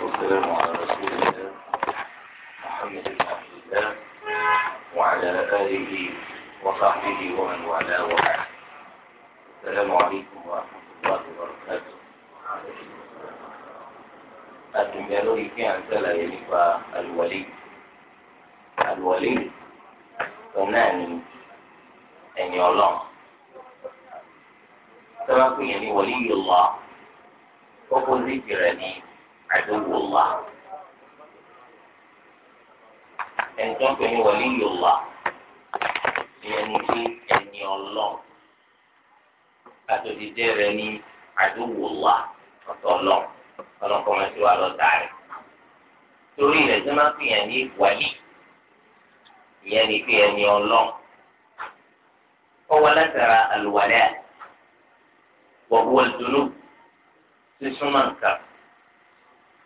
والسلام على رسول الله محمد بن الله وعلى آله وصحبه ومن والاه السلام عليكم ورحمة الله وبركاته أتم يلوي في عن سلا يلقى الولي الولي فناني أن يولون سبقني يعني ولي الله وكل ذكرني àdúgbò wa ẹni tó ń pè ní wọlé yorùbá ìyẹn ní sí ẹni ọlọ́run àtòjíjẹ rẹ ní àdúgbò wa ọ̀tọ̀ ọlọ́run ọlọ́run kọ́ mẹ́tí wa lọ́ọ́ dáa rẹ̀ torí rẹ̀ tí wọ́n fi hàn ní ìyẹn ní pé ẹni ọlọ́run ọwọ́ látara àlùwalẹ́ wọ̀wọ́ ìdùnnú sísúnmọ́ nǹkan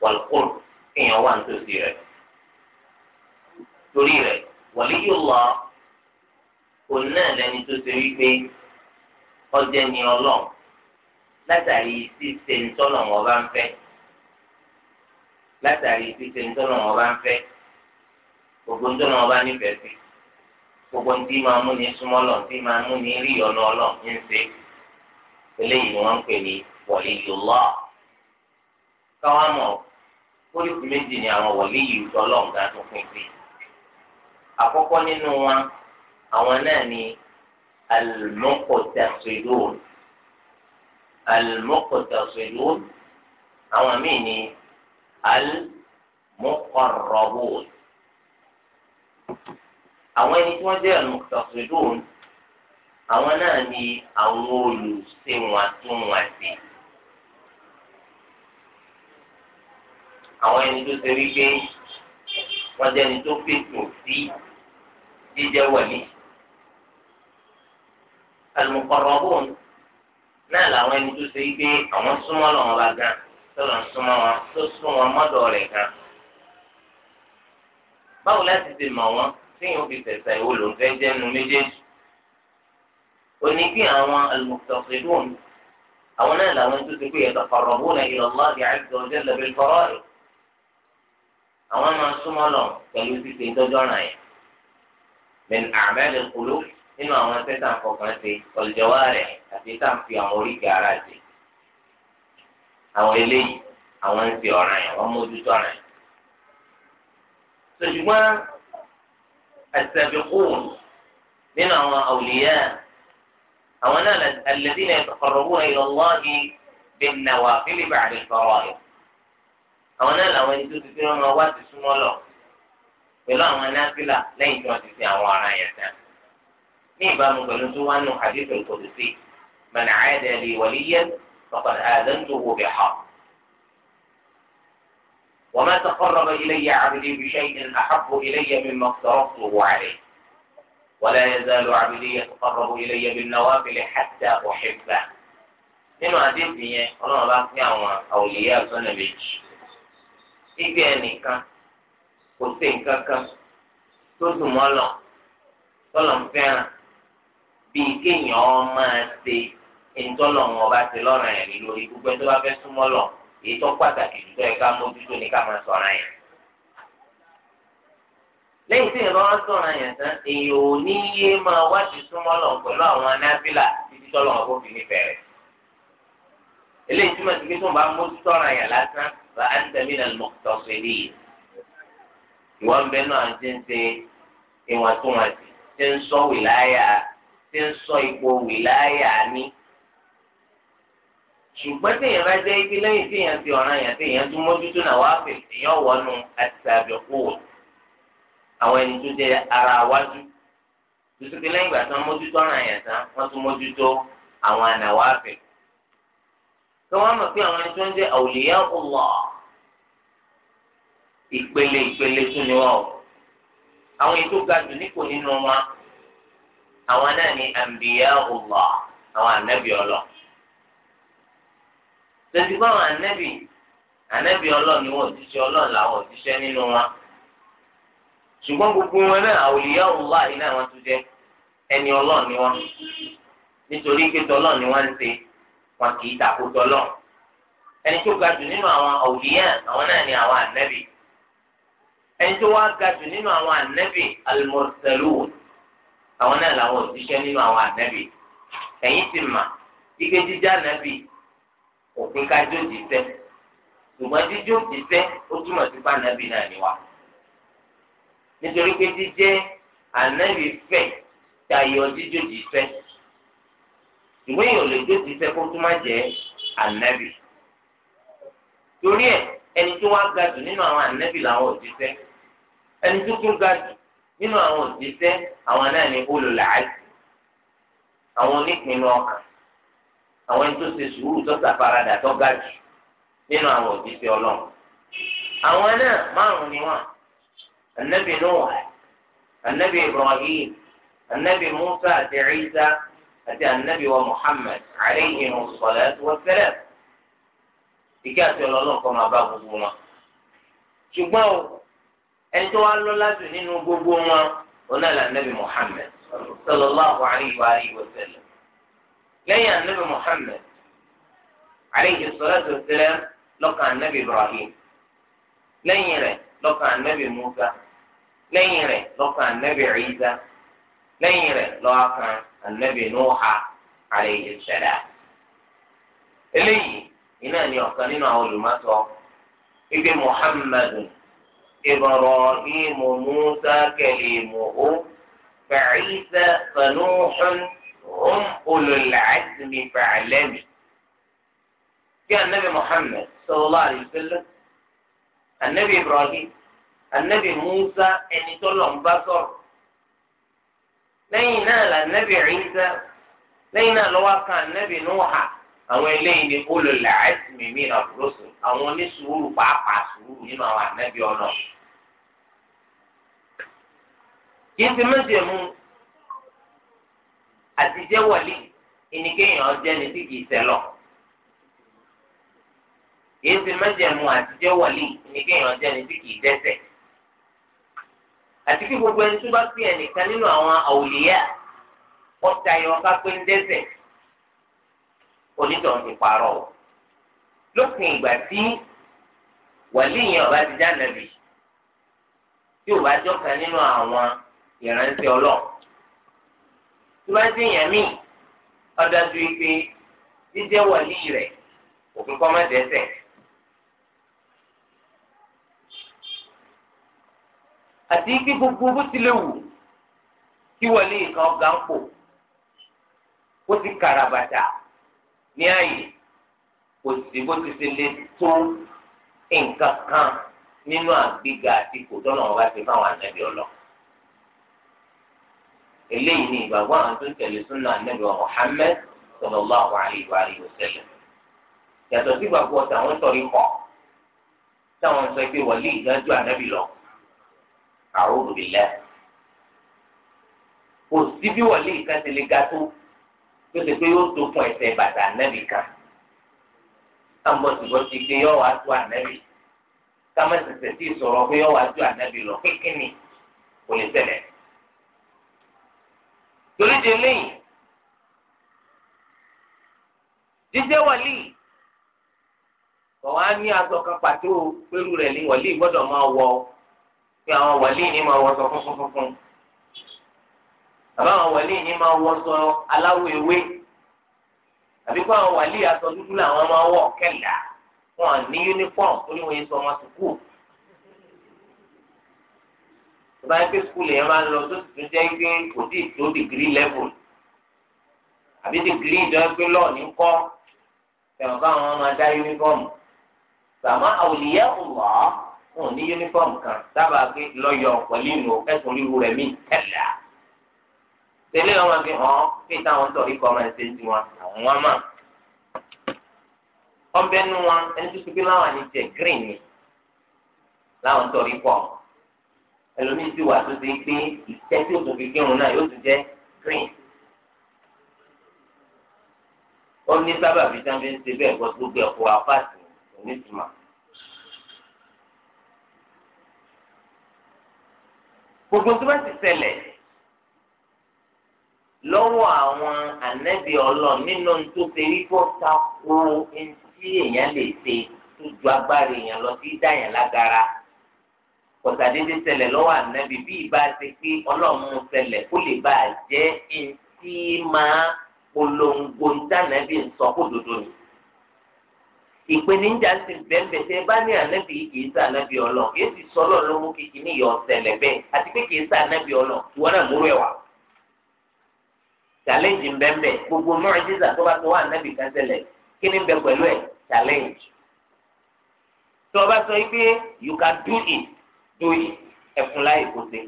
wàlúkọ́lù kéèyàn wà nítòsí rẹ̀ torí rẹ̀ waliyullah òun náà lẹni tó ṣe wípé ọjẹ́ ni ọlọ́run látàrí ṣíṣe ńtọ́nà wọn bá ń fẹ́ látàrí ṣíṣe ńtọ́nà wọn bá ń fẹ́ gbogbo ńtọ́nà wọn bá nífẹ̀ẹ́ sí gbogbo ntí máa mú ní súnmọ́ lọ ntí máa mú ní rí ọ̀nà ọlọ́run ní ṣe eléyìí ni wọ́n ń pè ní waliyullah káwọn mọ̀ ọ́ pólísì méjì ni àwọn wọlé yìí sọ lọ́ọ̀gá tó pín sí. àkọ́kọ́ nínú wa àwọn náà ni al-muqtasidun al-muqtasidun àwọn míì ni al-muqarrabun àwọn ẹni tí wọ́n jẹ́ al àwọn náà ni àwọn olùsèwọ̀n àtúnwàsí. àwọn ẹni tó ṣe wípé wọ́n jẹ́ ẹni tó fètò sí jíjẹ́ wẹ̀mí. al-muqarrabun náà làwọn ẹni tó ṣe wípé àwọn súnmọ́ lọ́wọ́ bá gan tọ́lọ̀ súnmọ́ wọn tó sún mọ́dọ̀ rẹ̀ gan. báwo láti ti mọ̀ wọ́n tíyẹn fi tẹ̀sà ìwò ló ń fẹ́ jẹ́nu méjèèjì. òní bí àwọn al-muqtasidun àwọn náà làwọn tó ṣe pé yataqarrabuna ila Allah azza wa àwọn máa súnmọ́ lọ pẹ̀lú ṣíṣe ìtọ́jọ́ràn yẹn. min a'mal al-qulub nínú àwọn tẹ́tà fọkàn ṣe ọ̀lùjọ́wá rẹ̀ àti tá à ń fi àwọn oríkèé ara ṣe. àwọn eléyìí àwọn ń fi ọ̀ràn yẹn wọ́n mójútó ọ̀ràn yẹn. ṣùgbọ́n as nínú àwọn awliya àwọn náà alladhina yataqarrabuna ila Allahi bin-nawafil ba'da al-fara'id àwọn náà làwọn ẹni tó ti fi wọn wá ti súnmọ́ lọ pẹ̀lú àwọn náfìlà lẹ́yìn tí wọ́n ti fi àwọn ará yẹn tán ní ìbámu pẹ̀lú tó wá nù hadith al-qudsi man 'ada li waliyyan faqad aadantuhu bil-haqq wa ma taqarraba ilayya 'abdi bi shay'in ahabba ilayya mimma iftaradtuhu 'alayhi wa la yazalu 'abdi yataqarrabu ilayya bin-nawafil hatta uhibbahu nínú hadith yẹn Ọlọ́run bá fi àwọn àwòlíyà sọ́nà méjì. igi ẹnìkan kò sí nǹkan kan tó dùn mọ́ lọ tọ́lọ̀ ń fẹ́ràn bíi kéèyàn máa ṣe ìtọ́lọ̀ wọn bá ti lọ́ràn ẹ̀ ní lórí gbogbo ẹni tó bá fẹ́ súnmọ́ lọ èyí tó pàtàkì jù lọ́yẹ̀ ká mójútó ni ká máa sọ̀ràn yẹn. lẹ́yìn tí ìrọ̀ sọ̀ràn yẹn tán èèyàn ò ní yé máa wájú súnmọ́ lọ pẹ̀lú àwọn anábìlà títí tọ́lọ̀ wọn kò fi nífẹ̀ẹ́ rẹ̀. eléyìí túmọ̀ sí pé tó ń bá mójútó ọ̀ràn yẹn lásán fa من minal muqtasidin ìwọ́n ń bẹ náà ti ń ṣe ìwọ̀ntúnwọ̀nsì ti ń sọ wìláyà ti ń sọ ipò wìláyà ní. ṣùgbọ́n téèyàn bá jẹ́ ibi lẹ́yìn téèyàn ti ọ̀ràn yàn téèyàn tún mójútó náà wá fè èèyàn wọnú àtàbíkù àwọn ẹni tó jẹ ara wájú tuntun lẹ́yìn ìgbà tán mójútó ọ̀ràn yàn tán wọ́n tún mójútó àwọn ànàwáfẹ̀ẹ́. kí wọ́n mọ̀ pé àwọn ẹni tó ń jẹ́ àwòlíyá ìpele ìpele tún ni wọ́n o àwọn ètò ga jù nípò nínú àwọn ni àǹbíyá Allah àwọn ànábì ọlọ tẹsíkọ́ àwọn ànábì ànábì ọlọ ni wọn ọlọ làwọn nínú ṣùgbọ́n gbogbo wọn náà àwòlíyá Allah yìí náà wọ́n tún jẹ́ ẹni ọlọ́ọ̀ ni wọ́n nítorí pé wọn kì í takòtò lọ ẹni tó ga jù nínú àwọn awliya àwọn náà ni àwọn ànábì ẹni tó wá ga jù nínú àwọn ànábì al-mursalun àwọn náà làwọn òṣìṣẹ́ nínú àwọn ànábì ẹ̀yin ti mà ike jíjá ànábì òpin kájọ jíṣẹ́ ṣùgbọ́n jíjó jíṣẹ́ ó túmọ̀ sí pé ànábì náà ni wá nítorí pé jíjẹ́ ànábì fẹ̀ tayọ jíjó jíṣẹ́ ìwé yìí ò lè gbé tìṣẹ́ kó tó má jẹ́ ànábì torí ẹ ẹni tó wá ga jù nínú àwọn ànábì làwọn òjíṣẹ́ ẹni tó tún ga jù nínú àwọn òjíṣẹ́ àwọn náà ní olùlàájì àwọn onípinnu ọkàn àwọn ẹni tó ṣe sùúrù tó ṣàfaradà tó ga jù nínú àwọn òjíṣẹ́ ọlọ́run àwọn náà márùn ni wọn ànábì Nuh ànábì Ibrahim ànábì Musa àti Isa àti anabi wa muhammed aleyhi musalatu wa salam ìkí àti ọlọ́run kọ́ máa bá gbogbo wọn. ṣùgbọ́n o ẹni tó wá lọ láti nínú gbogbo wọn ọ̀nà là anabi muhammed sallallahu alayhi wa alihi wa sallam. lẹ́yìn anabi muhammed aleyhi salatu wa salam lọ́kàn anabi ibrahim lẹ́yìn rẹ̀ lọ́kàn anabi musa lẹ́yìn rẹ̀ lọ́kàn anabi isa lẹ́yìn rẹ̀ lọ́kàn. النبي نوح عليه السلام إلي إنا أن يعتنينا علمته إبي محمد إبراهيم موسى كليمه فعيسى فنوح هم أولو العزم فعلم جاء النبي محمد صلى الله عليه وسلم النبي إبراهيم النبي موسى أن يتولى مبكر lẹ́yìn náà là nẹ́bì Ìsá lẹ́yìn náà lọ́wọ́ kan nẹ́bì Núhà àwọn eléyìí ni ulul azmi minar rusul àwọn onísùúrù pàápàá sùúrù nínú àwọn ọ̀nà. ti mẹ́sẹ̀mú wọ̀lì ni ni tí kìí àti kí gbogbo ẹni tó bá pè é nìkan nínú àwọn àwòlíyà ọ̀tá yọ ká pé ń dẹ́ṣẹ̀ onítọ̀hún ti parọ́ o lópin ìgbà tí wàlí yẹn ọba ti já nàbì tí ò bá jọ̀kan nínú àwọn ìránṣẹ́ ọlọ́ọ̀ tí wọ́n ti yàn mí ọ̀dájú pé jíjẹ́ wàlí rẹ̀ òfin kọ́ má dẹ́ṣẹ̀. àti kí gbogbo bó ti lè wù kí wọlé nǹkan ọ̀gá ń pò kó ti kàràbàtà ní ààyè kò sí bó ti ṣe lè tó nǹkan kan nínú àgbéga àti kò tọ́nà ọba ti fáwọn ànábì ọlọ. eléyìí ni ìgbàgbọ́ àwọn tó ń tẹ̀lé súnà ànábì wa Muhammad sallallahu alaihi wa alihi wasallam. yàtọ̀ sí ìgbàgbọ́ táwọn sọ̀rí kọ̀ táwọn sọ pé wọlé ìdájọ́ ànábì lọ àrùn ìlẹ̀. kò sí bí wọlé nǹkan ti lè ga tó tó ṣe pé yóò tó fún ẹsẹ̀ bàtà ànábì kan. àmọ̀tìbọ̀tì pé yóò wá tó ànábì kámẹ́ tẹ̀sẹ̀ tí sọ̀rọ̀ pé yóò wá tó ànábì lọ kékeré kò lè ṣẹlẹ̀. torí de lẹ́yìn jíjẹ́ wọlé kọ̀ wá ní aṣọ kan pàtó pẹ̀lú rẹ̀ ní wọlé gbọ́dọ̀ máa wọ ọ́ pé àwọn wàlíì ní máa wọṣọ funfun funfun àbá àwọn wàlíì ní máa wọṣọ aláwọ̀ ewé àbí pé àwọn wàlíì aṣọ dúdú làwọn máa wọ̀ kẹlà wọn ní uniform torí wọn yẹ sọ ọmọ sùkúù ìbá yẹn pé skul yẹn máa ń lọ tó tuntun jẹ́ pé kò tí ì tó dìgírí level àbí dìgírí ìjọ pé lọ́ọ̀ ní kọ́ tẹ̀wọ̀n káwọn máa dá uniform sàmá àwòlíyẹ́ ọ̀wọ́ wọn ò ní yunifọ́ọ̀mù kan dábàá pé lọ́yọ̀ pẹ̀lú ìlú ẹ̀sùn ríru rẹ̀ mí ẹ̀là. tẹ́lẹ̀ wọn fi hàn án pé táwọn tọ̀ ikọ̀ máa ń ṣe ti wọn àwọn wọn mọ̀. ọbẹ̀ nu wọn ẹni tó sọ́kí láwọn àni jẹ green ni láwọn tọ̀ ikọ̀ ẹlòmíín sì wà tó ti pé ìtẹ́ tí òtún fi kírun náà yóò tún jẹ́ green. ó ní sábàbí sábẹ́ ń ṣe bẹ́ẹ̀ gbọ́ gbogbo ẹ̀kọ́ apáàtì onítùmọ̀. gbogbo tó bá ti ṣẹlẹ̀ lọ́wọ́ àwọn ànẹ́bí ọlọ́run nínú tó ṣe rí bọ́ ta kó ẹni tí èèyàn lè ṣe tó ju agbára èèyàn lọ sí dáyàn lágara kọ̀tàdédé ṣẹlẹ̀ lọ́wọ́ ànẹ́bí bí ìbá ṣe pé ọlọ́run ṣẹlẹ̀ kó lè bá a jẹ́ ẹni tí máa polongo ń dànẹ́bí ń sọ kó dodo nìyí ìpèníjà ti bẹ̀ẹ̀bẹ̀ tẹ́ bá ní ànábì yìí kìí sá ànábì ọlọ́ọ̀ yóò ti sọ ọlọ́ọ̀ lówó kìkì ní ìyọ̀ ọ̀sẹ̀lẹ̀ bẹ́ẹ̀ àti pé kìí sá ànábì ọlọ́ọ̀ ìwọ náà múrò ẹ̀ challenge ń bẹ́ẹ̀bẹ̀ gbogbo mọ́ọ̀jísà tó bá tó wà ànábì kan kí ni bẹ pẹ̀lú ẹ̀ challenge. tó o bá sọ pé you can do it do it ẹ̀fun láì kó se.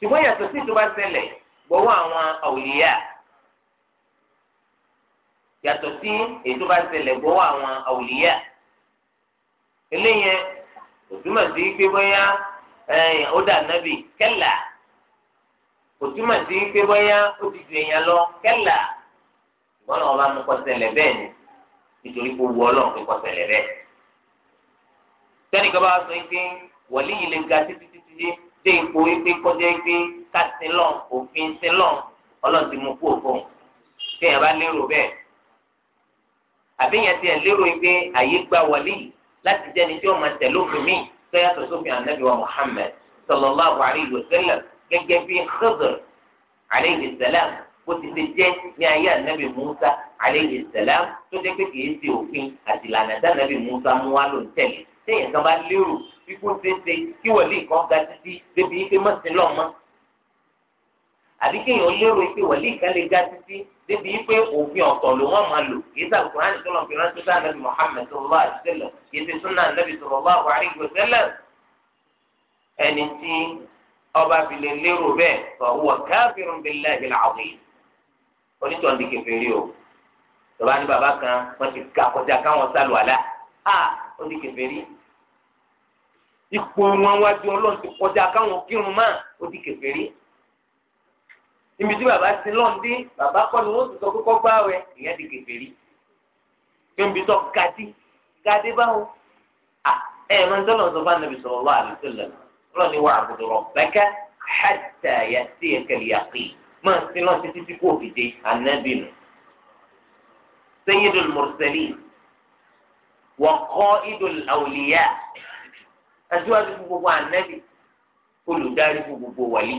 ṣùgbọ́n yàtọ̀ sí tó bá ṣẹlẹ̀ gbọ́wọ́ àwọn àwòlíyà yàtọ̀ sí èyí tó bá ṣẹlẹ̀ gbọ́wọ́ àwọn àwòlíyà eléyẹn kò túmọ̀ sí pé bóyá ó dà nábì kẹ́là kò túmọ̀ sí pé bóyá ó ti ju èèyàn lọ kẹ́là ìgbọ́n náà bá mú kó ṣẹlẹ̀ bẹ́ẹ̀ ni nítorí kó wọ ọlọ́run pé kó ṣẹlẹ̀ bẹ́ẹ̀. sẹ́nìkan bá sọ pé wọ̀lí yìí lè ga títí títí dé ipò wípé kọjá pé ká sin lọ́n òfin sin lọ́n ọlọ́run ti mú kú òfò kéèyàn bá lérò bẹ́ẹ̀ àbí yẹn ti ẹ̀ lérò pé àyè gba wọlé láti jẹ́ni tí ó máa tẹ̀ lófin mi sọ́yàtọ̀ sófin ànábì wa Muhammad sallallahu alayhi wa sallam gẹ́gẹ́ bí Khidr alayhi salam bó ti ṣe jẹ́ ní ayé ànábì Musa alayhi salam tó jẹ́ pé kìí ṣe òfin àti ìlànà tí ànábì Musa mú wá ló ń tẹ̀lé téèyàn kan bá lérò ikú ṣeéṣe kí wọlé kan ga títí débi ife mọ́sílọ́mọ́ àbí débi pé òfin ọ̀tọ̀ ló wọ́n máa lò kì í sá kúránì tó lọ́n fi ránṣẹ́ sáà nàbì Muhammad sallallahu alaihi wasallam kì í ti súnà nàbì sallallahu alaihi wasallam ẹni tí ọba fi lè lérò bẹ́ẹ̀ fa huwa kafirun billahi al-azim onítọ̀ọ̀dì kẹfẹ́rí o tọ́ba ní bàbá kan wọ́n ti ga kọjá káwọn sálù àlá a ó di kẹfẹ́rí ipò wọn wájú ọlọ́run ti kọjá káwọn kírun máa ó di kẹfẹ́rí ibi tí bàbá ti lọ́n dé bàbá kọ́ ni wọ́n ti sọ kókó gbá wẹ ìyẹn di kèfèrí tó ń bi tọ́ gadi gadi báwo à ẹ ẹ máa ń tọ́lọ̀ sọ́fà nàbì sallallahu alaihi wasallam lọ́ni wà àbùdù rabbaka hatta ya'tiyaka al-yaqin máa ń sin títí tí kò fi dé ànábì nù sayyidul mursalin wa qa'idul awliya aṣíwájú fún gbogbo ànábì olùdarí gbogbo wàlíì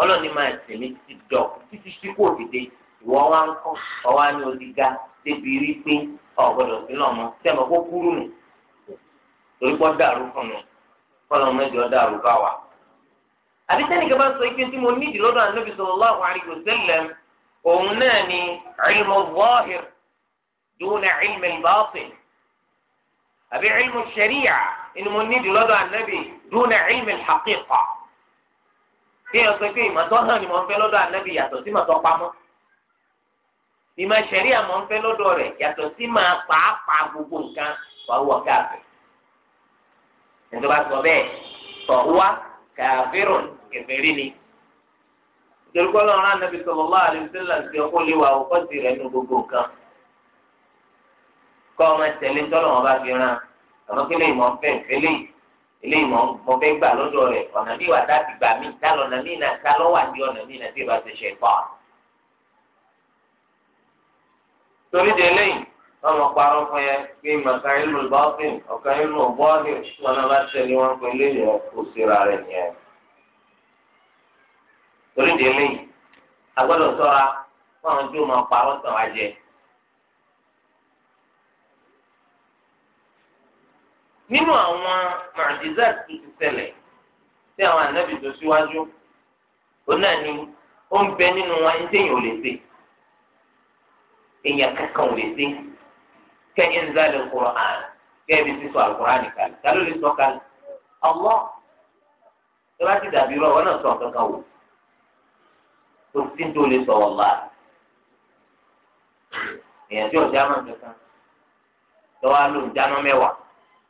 ọlọ́ni máa tẹ̀lé ti dọ̀ títí tí kò dìde ìwọ wa ń kọ́ ọwọ́ ni o ti ga débi rí pé ọ̀gbọ́dọ̀ sí náà mọ́ sẹ́mi kó kúrú nù torí pọ́ dàrú fún mi kọ́lọ́ mẹ́jọ dàrú bá wa. àbí sẹ́nìkan bá sọ ike tí mo ní ìdílọ́dọ̀ ànábì sallallahu alaihi wasallam òun náà ni ilmu zahir duna ilmi batin àbí ilmu sharia ni mo ní ìdílọ́dọ̀ ànábì duna ilmi haqiqa kéèyàn sọ pé ìmọ̀tọ́ hàn ni mo ń fẹ́ lọ́dọ̀ ànábì yàtọ̀ sí mọ̀tọ́ pamọ́ ìmọ̀ ṣẹ̀rí àmọ́ ń fẹ́ lọ́dọ̀ rẹ̀ yàtọ̀ sí máa pàápàá gbogbo nǹkan wà wọ káàfẹ́ ìjọba sọ bẹ́ẹ̀ tọ̀wá kàfírò kẹfẹ́rí ni ìjọba lọ́run ànábì sallallahu alaihi wasallam ti ọkọ lé wa ọkọ sí rẹ̀ nínú gbogbo nǹkan kọ́ ọmọ tẹ̀lé tọ́lọ̀ wọn bá fi ràn àmọ́ kí lè mọ̀ fẹ́ yìí eléyìí mọ mọ fẹ́ gbà lọ́dọ̀ rẹ̀ ọ̀nà mi wà láti gbà mí dálọ̀ ọ̀nà mi náà dálọ̀ wà ní ọ̀nà mi náà tí ìbá ti ṣe pa. torí de eléyìí wọn mọ parọ́ fún yẹ pé màkà ìlú bọ́ọ̀fìn ọ̀kan ìlú bọ́ọ̀lì wọn náà bá ṣẹlẹ̀ wọn pé eléyìí kò síra rẹ̀ nìyẹn. torí de eléyìí agbọ́dọ̀ ṣọ́ra fún àwọn tí ó máa parọ́ tàn wá nínú àwọn màdìzá tó ti ṣẹlẹ̀ tí àwọn ànábì tó síwájú ó náà ní ó ń bẹ nínú wọn ẹni téèyàn ò lè ṣe èèyàn kankan ò lè ṣe kẹ́yìn ń zálẹ̀ Qur'an kẹ́ẹ̀bi sísọ àlùkùránì kalẹ̀ kálọ́ lè sọ kalẹ̀ ọwọ́ tó bá ti dàbí rọ wọn náà sọ kankan wò tó ti tó lè sọ wọn báà èèyàn tí ò jámọ̀ kankan lọ́wọ́ á lò ń jámọ̀ mẹ́wàá.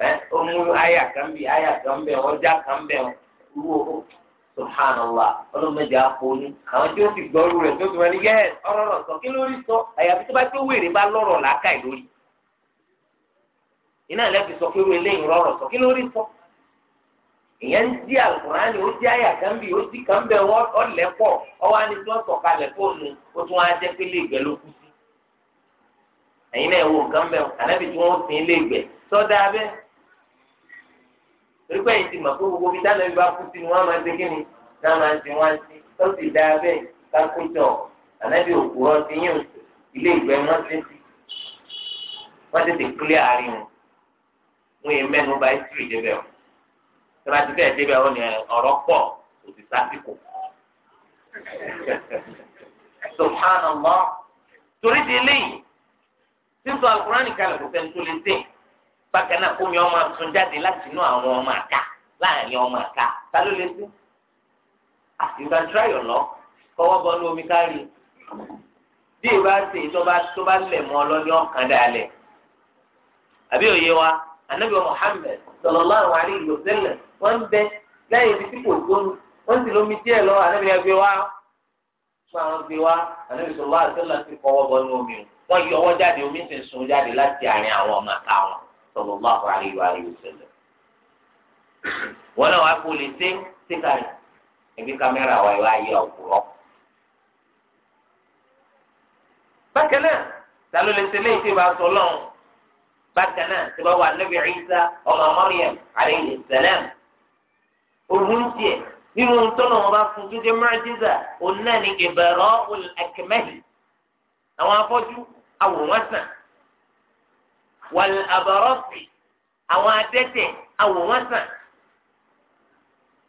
ẹ ó mú àyà kan bì àyà kan bẹ ọjà kan bẹ wúwo subhanallah ọlọmọdé akóni àwọn tí ó ti gbọrú rẹ tó ti wọn ni yẹ ọ̀rọ̀ sọ kí lórí sọ àyàfi tó bá tó wèrè bá lọ́rọ̀ làákàyè lórí iná lẹ́bi sọ pé eléyìí rọrọ̀ sọ kí lórí sọ. ìyẹn di ó di kan ó di kan bẹ fóònù ó tún ló kú sí. náà tí torí pé ẹ̀yin ti mọ̀ pé gbogbo ibi táwọn ẹbí bá kú sí ni wọ́n máa ń ṣe kíni náà máa ń ṣe wọ́n sí tó sì dá bẹ́ẹ̀ kákójọ ànábì òkúrọ́ ti yín ilé ìgbẹ́ wọ́n tètè wọ́n tètè kílẹ̀ àárín wọn wọ́n yẹ mẹ́nu bá ìsírì débẹ̀ o tí wọ́n ti bẹ́ẹ̀ débẹ̀ wọn ni ọ̀rọ̀ pọ̀ òsì sásìkò subhanallah torí di eléyìí sísọ alukurani kalẹ̀ kò sẹ́ni tó lè sè é bákan náà kómi ọmọ àtún jáde láti inú àwọn ọmọ àká láàrin ọmọ àká ta ló lè sí you can try your luck kọ́wọ́ bọ́ ní omi kárí bí ìbá ṣe tọ́ba tọ́ba lẹ̀ mọ́ ọlọ́ni ọ̀kan dalẹ̀ àbí òye wa anabi Muhammad sallallahu alaihi wa sallam wọ́n ń bẹ lẹ́yìn ibi tí kò gbóni wọ́n sì lómi díẹ̀ lọ anabi ẹgbẹ́ wa fún àwọn ẹgbẹ́ wa anabi sallallahu alaihi wa sallam ti kọ́wọ́ bọ́ ní omi wọ́n yọ ọwọ́ jáde omi sì ń sun jáde láti àárín àwọn ọmọ àká wọn sallallahu alaihi wa alihi wasallam. wọn náà wá kó lè ṣe síkà ẹbí kámẹ́rà wa ìwà ayé ọ̀pọ̀lọ́. bákan náà ta ló lè ṣe léyìí tí ìbá sọ lọ́hùn bákan náà tí wọ́n wà Nabi Isa ọmọ Maryam alayhi salam òun tiẹ̀ nínú tọ́nà wọn bá fún jíjẹ mẹ́rẹ́díza òun náà ní ìbẹ̀rọ̀ ẹ̀kẹ́mẹ́hì àwọn afọ́jú àwòrán sàn wal abarọ́sì àwọn adẹ́tẹ̀ awò wọn sàn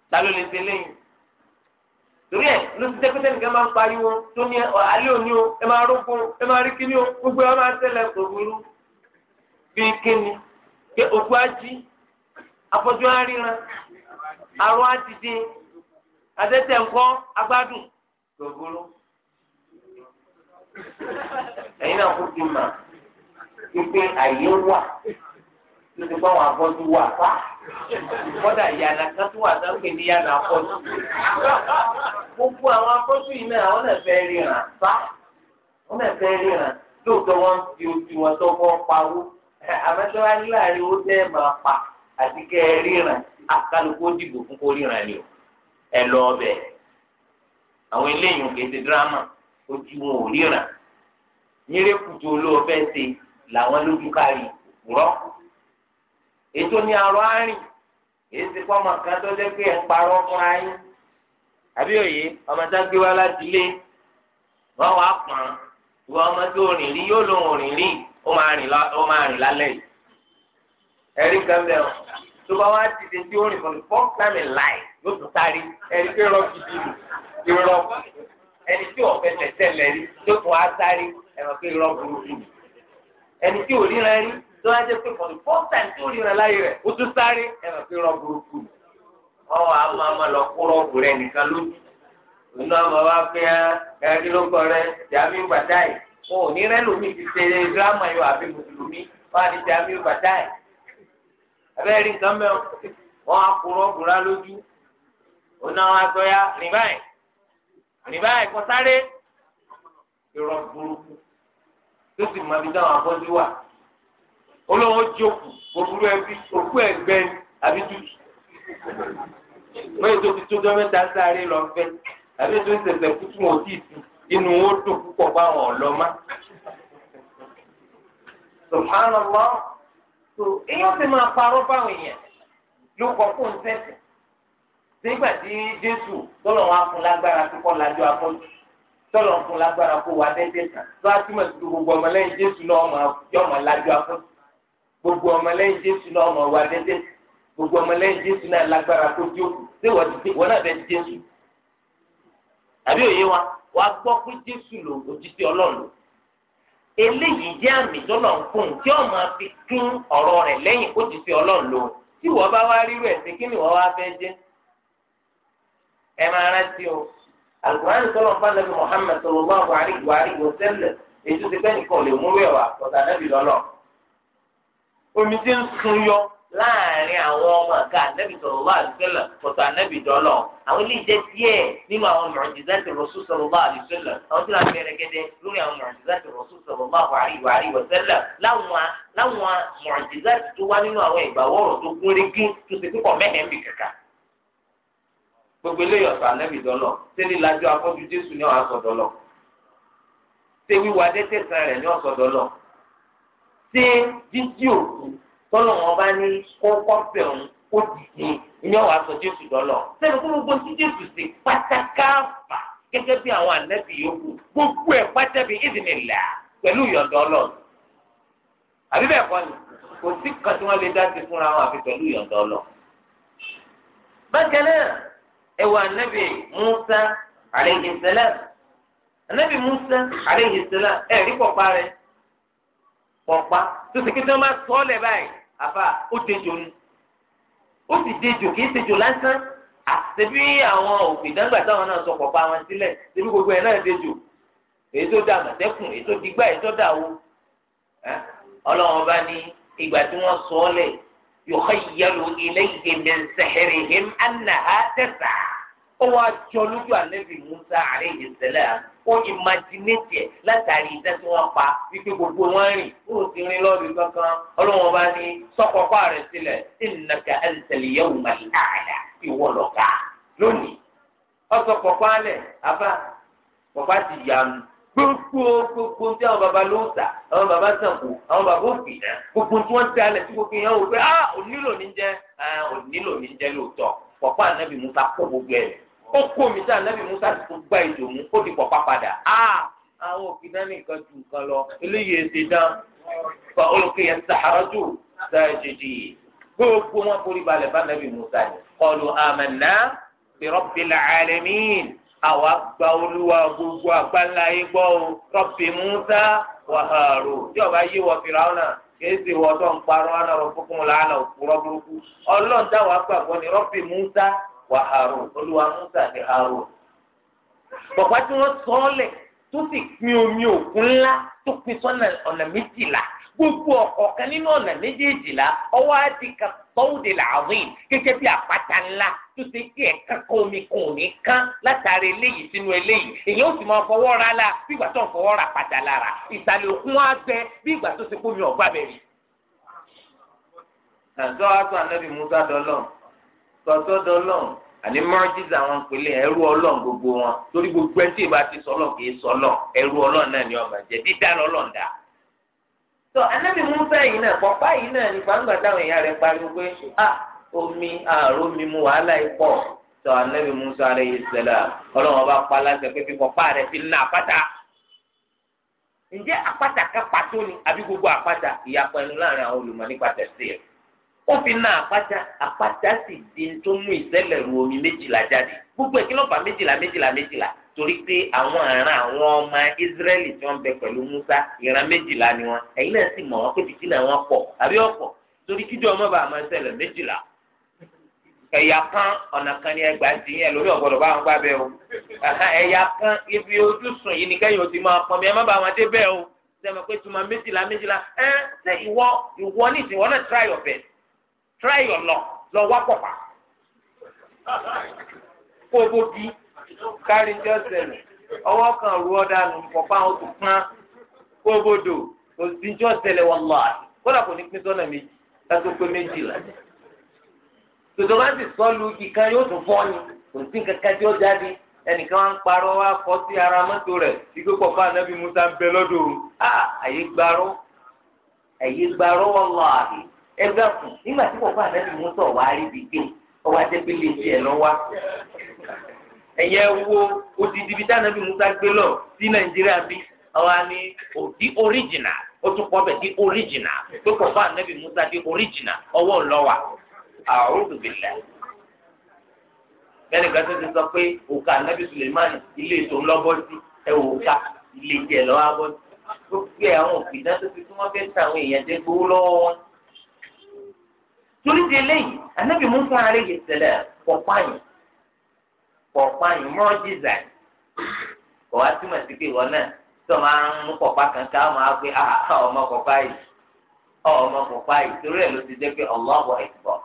ta ló lè tẹ̀lé yìí torí ẹ ló ti dẹ́kítẹ́ nìkan máa ń pariwo tó ní alẹ́ òní o ẹ máa rúgbó ẹ máa rí kíní o gbogbo ẹ máa tẹ̀lé òwúrú bíi kíni pé òkú ají afọ́jú aríran àrùn àdìdín adẹ́tẹ̀ ńkọ́ agbádùn òwúrú ẹ̀yin náà kó ti mà. wípé àyè wà ló ti gbọ́n wọn afọ́jú wà fá kọ́dà ìyànà kan tó wà sáńpé ní afọ́jú gbogbo àwọn afọ́jú yìí náà wọ́n náà fẹ́ ríran fá wọ́n náà fẹ́ lóòótọ́ wọn tó fọ́ pawó àmọ́tọ́wá ní láàrin ó tẹ́ máa pa àti kẹ́ ẹ ni o ẹ ọbẹ̀ àwọn eléyìí ò ríran làwọn lójú kárí rọ ètò ní àrò àárín èyí ti kọ́ ọmọ kan tó dé pé ẹ̀ ń parọ́ fúnra yín àbí òye ọmọ tá a gbé wá láti ilé wọn wàá pọn ìwọ ọmọ tó rìn rí yóò lòun rìn rí ó máa rìn lálẹ́ yìí ẹ̀rí kan bẹ́ẹ̀ o tó bá wá ti di tí ó rìn for the first time in life tún sáré ẹni pé rọ́ọ̀kì dìbò ìrọ̀ ẹni tí ọ̀fẹ́ tẹ̀tẹ̀ lẹ́rí ló tún á sáré ẹ̀rọ pé rọ́ọ̀kì ló dìbò ẹni tí ò ríran rí tó wá jẹ́ pé for the first time tí ò ríran láyé rẹ̀ ó tún sáré ẹ mọ̀ pé rọ burúkú ni ọwọ́ àmọ́ àmọ́ lọ kó rọ́ọ̀bù rẹ̀ nìkan lójú nínú àmọ́ wa pé ẹ kí ló kọ rẹ jàmí gbàdáì o ní rẹ lómi ti ṣe dírámà yọ àbí mùsùlùmí wọn àti jàmí gbàdáì abẹ́rẹ́ rí nǹkan mẹ́wọ́ wọn á kó rọ́ọ̀bù rẹ̀ lójú òun náà wọn ya rìn báyìí rìn báyìí kọ sáré tó sì mọ ibi táwọn afọ́jú wà olówó jókù òfurú ẹbí òkú ẹgbẹ́ àbí tútù wọ́n ètò ti tó gọ́mẹ́ta sáré lọ fẹ́ àbí ètò ìṣẹ̀ṣẹ̀ kú tí wọ́n ti tu inú wọn dùn púpọ̀ báwọn ọ̀lọ́mà. subhanallah tó èèyàn ti máa parọ́ báwọn èèyàn ló kọ́ fún un sẹ́sẹ̀ nígbà tí jésù tọ́lọ̀ wọn á fún lágbára kíkọ́ lájọ afọ́jú tọ́lọ̀ ń fún lágbára kó wa dẹ́dẹ́ kan tó a túmọ̀ sí gbogbo ọmọlẹ́yìn jésù náà ọmọ yọmọ lájú afọ́ gbogbo ọmọlẹ́yìn jésù náà ọmọ wa dẹ́dẹ́ gbogbo ọmọlẹ́yìn jésù náà lágbára kó jókòó ṣé wọ́n náà bẹ́ẹ̀ jésù àbí òye wa wàá gbọ́ pé jésù lò òjíṣẹ́ ọlọ́run eléyìí jẹ́ àmì tọ́lọ̀ ń fún tí ọmọ fi kún ọ̀rọ̀ rẹ̀ lẹ́yìn kó ti fi ọlọ́run lò ni wọ́n wá fẹ́ alukurani sọlọ fún anabi muhammed sallallahu alayhi wa alayhi wa sallam ètò ti bẹ́ẹ̀ nìkan lè mú wẹ̀wà ọ̀tà anabi lọ́lọ́ omi ti ń sun yọ láàrin àwọn ọmọ àga anabi sallallahu alayhi wa sallam ọ̀tà anabi dọ́lọ́ àwọn ilé ìjẹ́ díẹ̀ nínú àwọn mu'jizati rasul sallallahu alayhi wa sallam àwọn tí wọ́n ti rẹ̀ gẹ́gẹ́ lórí àwọn mu'jizati rasul sallallahu alayhi wa alayhi wa sallam láwọn láwọn tó wá nínú àwọn ìgbà wọ́ọ̀rọ̀ gbogbo eléyìí ọ̀sán anábì dọ́lọ̀ ṣé lílajú afọ́jú jésù ní ọ̀hán sọ̀dọ̀lọ̀ ṣé wíwá dẹ́tẹ̀ kan rẹ̀ ní ọ̀sọ̀dọ̀lọ̀ ṣé jíjí òkú tọ́lọ̀ wọn bá ní kọ́kọ́ bẹ̀rùn ó dìde ní ọ̀hán sọ jésù dọ́lọ̀ sẹ́ni kó gbogbo tí jésù ṣe pátákáfà gẹ́gẹ́ bí àwọn anábì yòókù gbogbo ẹ̀ pátábi ìdìnnìlà pẹ̀lú ìyọ̀dọ̀lọ̀ àbí bẹ́ẹ̀ kọ́ ni kò sí kan tí wọ́n lè dá sí fúnra wọn àfi pẹ̀lú ìyọ̀dọ̀lọ̀ bákan náà ẹwà anabi musa aleyhi salam anabi musa aleyhi salam ẹ rí pọpá rẹ pọpá tó ti kí tí wọn bá sọ ọ lẹ báyìí àbá ó dejò ni ó sì dejò kì í sejò lásán àtẹbí àwọn òpìdángbà táwọn náà sọ pọpá wọn sílẹ̀ síbi gbogbo ẹ náà dejò èyí tó da àmọ̀tẹ́kùn èyí tó digbá èyí tó da wo ọlọ́run ọba ní ìgbà tí wọ́n sọ ọ́ lẹ̀ yòókè yẹlò ilé ìgbìmọ̀ sẹ̀hẹ̀rẹ̀ hìm ànàhà tẹ̀sà ó wá jọ lójú ànábì Musa alayhi salam ó imaginate ẹ̀ látàrí iṣẹ́ tí wọ́n pa wípé gbogbo wọn rìn òun ti rìn lọ́ọ̀rì kankan ọlọ́wọ́n bá ní sọ́kọ̀ọ́kọ́ rẹ̀ sílẹ̀ innaka antal yawmal a'la ìwọ lọ́ka lónìí ọsọ pọpọ alẹ àbá pọpọ ti yanu gbogbo gbogbo tí àwọn baba ló ta àwọn baba sànkó àwọn baba òbí gbogbo tí wọn ti alẹ tí gbogbo yẹn wò pé ah onílò ní jẹ onílò ah, ní jẹ lóòótọ́ pọpọ anabi musa kó gbogbo ẹ ó kó omi tí ànábì musa ti tó gba ìjò mú ó di pọ̀pá padà á àwọn òkè náà nìkan ju nǹkan lọ eléyìí èsì dán fa olùkè yẹn sàárọ̀jù sáàjìjì gbogbo wọn forí balẹ̀ bá ànábì musa ni kọlu amanna bi rabbil alamin àwa gba olúwa gbogbo àgbáńlá yìí gbọ́ musa wa harun tí ọba yí wọ fìràwọ́nà kéésì wọ́n tó ń parọ́ ànàrọ̀ fúnkún làánà òkúrọ́ burúkú ọlọ́ọ̀dá wàá ni rabbi musa wà Harun olúwa Musa ní Harun bọ̀pá tí wọ́n sọ ọ́ lẹ̀ tó sì pín omi òkun ńlá tó pín sọ́nà ọ̀nà méjìlá gbogbo ọ̀kọ̀ọ̀kan nínú ọ̀nà méjèèjìlá ọwọ́ á di ka tọ́wọ́dé làwìn gẹ́gẹ́ bí àpáta ńlá tó ṣe kí ẹ̀ka kọ́ omi kùn ní kán látàrí eléyìí sínú eléyìí èyàn ó sì máa fọwọ́ ra la bí ìgbà tó ń fọwọ́ ra padà lára ìsàlẹ̀ òkun á gbẹ bí ìgbà tó ṣe kó mi ọ̀gbà bẹ̀rẹ̀. àǹtọ́ àtọ̀ lọ́sọ́dọ̀ ọlọ́run àní mọ́rọ́jìzà wọn pèlè ẹrú ọlọ́run gbogbo wọn torí gbogbo ẹni tí ìbá ti sọlọ kì í sọlọ ẹrú ọlọ́run náà ni ọmọ jẹ dídá lọ́lọ́run dá. tó anábì musa yìí náà pọpá yìí náà nípa ńgbà táwọn èèyàn rẹ̀ pariwo pé a omi àárọ̀ mi mu wàhálà yìí pọ̀ tó anábì musa rẹ̀ yìí sẹlẹ̀ ọlọ́run ọba pa aláṣẹ pé fi pọpá rẹ̀ fi ná àpáta. ǹjẹ́ àpáta kan pàtó ni àbí gbogbo àpáta ìyàpọ̀ ẹnu láàrin àwọn olùmọ̀ nípa tẹ̀síẹ̀ wọ́n fi na àpáta àpáta sì di tó mú ìṣẹ̀lẹ̀ ru omi méjìlá jáde gbogbo ẹ̀ kí fà méjìlá méjìlá méjìlá torí pé àwọn ìran àwọn ọmọ Ísírẹ́lì tí wọ́n bẹ pẹ̀lú Musa ìran méjìlá ni wọn ẹ̀yin náà sì mọ̀ wọn pé títí náà wọn pọ̀ àbí ọ̀pọ̀ torí kíjọ ọmọ bá máa ṣẹlẹ̀ méjìlá ẹ̀yà kan ọ̀nà kan ni ẹgbàá ti yẹn lórí ọ̀gbọ́dọ̀ bá wọn gbá bẹ́ẹ̀ o ẹ̀yà kan ibi ojúsùn yìí ni kẹ́yìn ò máa pọn mi ẹ má bá wọn dé bẹ́ẹ̀ o sẹ́mi pé tuma méjìlá méjìlá ẹ ṣé ìwọ ìwọ ní ìsìn wọn náà try your best try your luck lọ wá pọ̀pà kó bó di kárí jọ sẹlẹ̀ kan ru ọ̀dà nù pọ̀pà ó tún pọ́n kó bó do kò sí jọ sẹlẹ̀ wọ́n lọ àti kódà kò ní pín méjì láti pé tòtò bá ti ìkan yóò tún ara rẹ Musa ń bẹ lọ ẹgbẹ́ kù nígbà tí bàbá ànábì Mùsá wà á rí ibi gbé ọwọ́ àtẹ́gbẹ́ lè di ẹ̀ lọ́wọ́. ẹ̀yẹ wo odidi ibi tí ànábì Mùsá gbé lọ sí Nàìjíríà bí ọwọ́ ni òdi oríjìnà ó tún kọ́ bẹ̀ di oríjìnà tó kọ̀ bá ànábì Mùsá di oríjìnà ọwọ́ ńlọ́wà àrùbìlà. bẹ́ẹ̀ni gàtọ́ ti sọ pé òkà ànábì Sulemani ilé ètò ńlọ́bọ́ sí ẹ̀ òkà ilé ìjẹ̀ lọ́wọ́ bọ́ sí gbogbo àwọn òkè torí di eléyìí anabi musa alayhi salam kọ pààyàn kọ pààyàn mọ́ọ́jìzà kọ wá túmọ̀ sí pé ìwọ náà tó máa ń mú kọ̀pá kan ká máa pé ah, ah, ọmọ kọ̀pá yìí ah, ọmọ kọ̀pá yìí torí ẹ̀ ló ti jẹ́ pé Allahu Akbar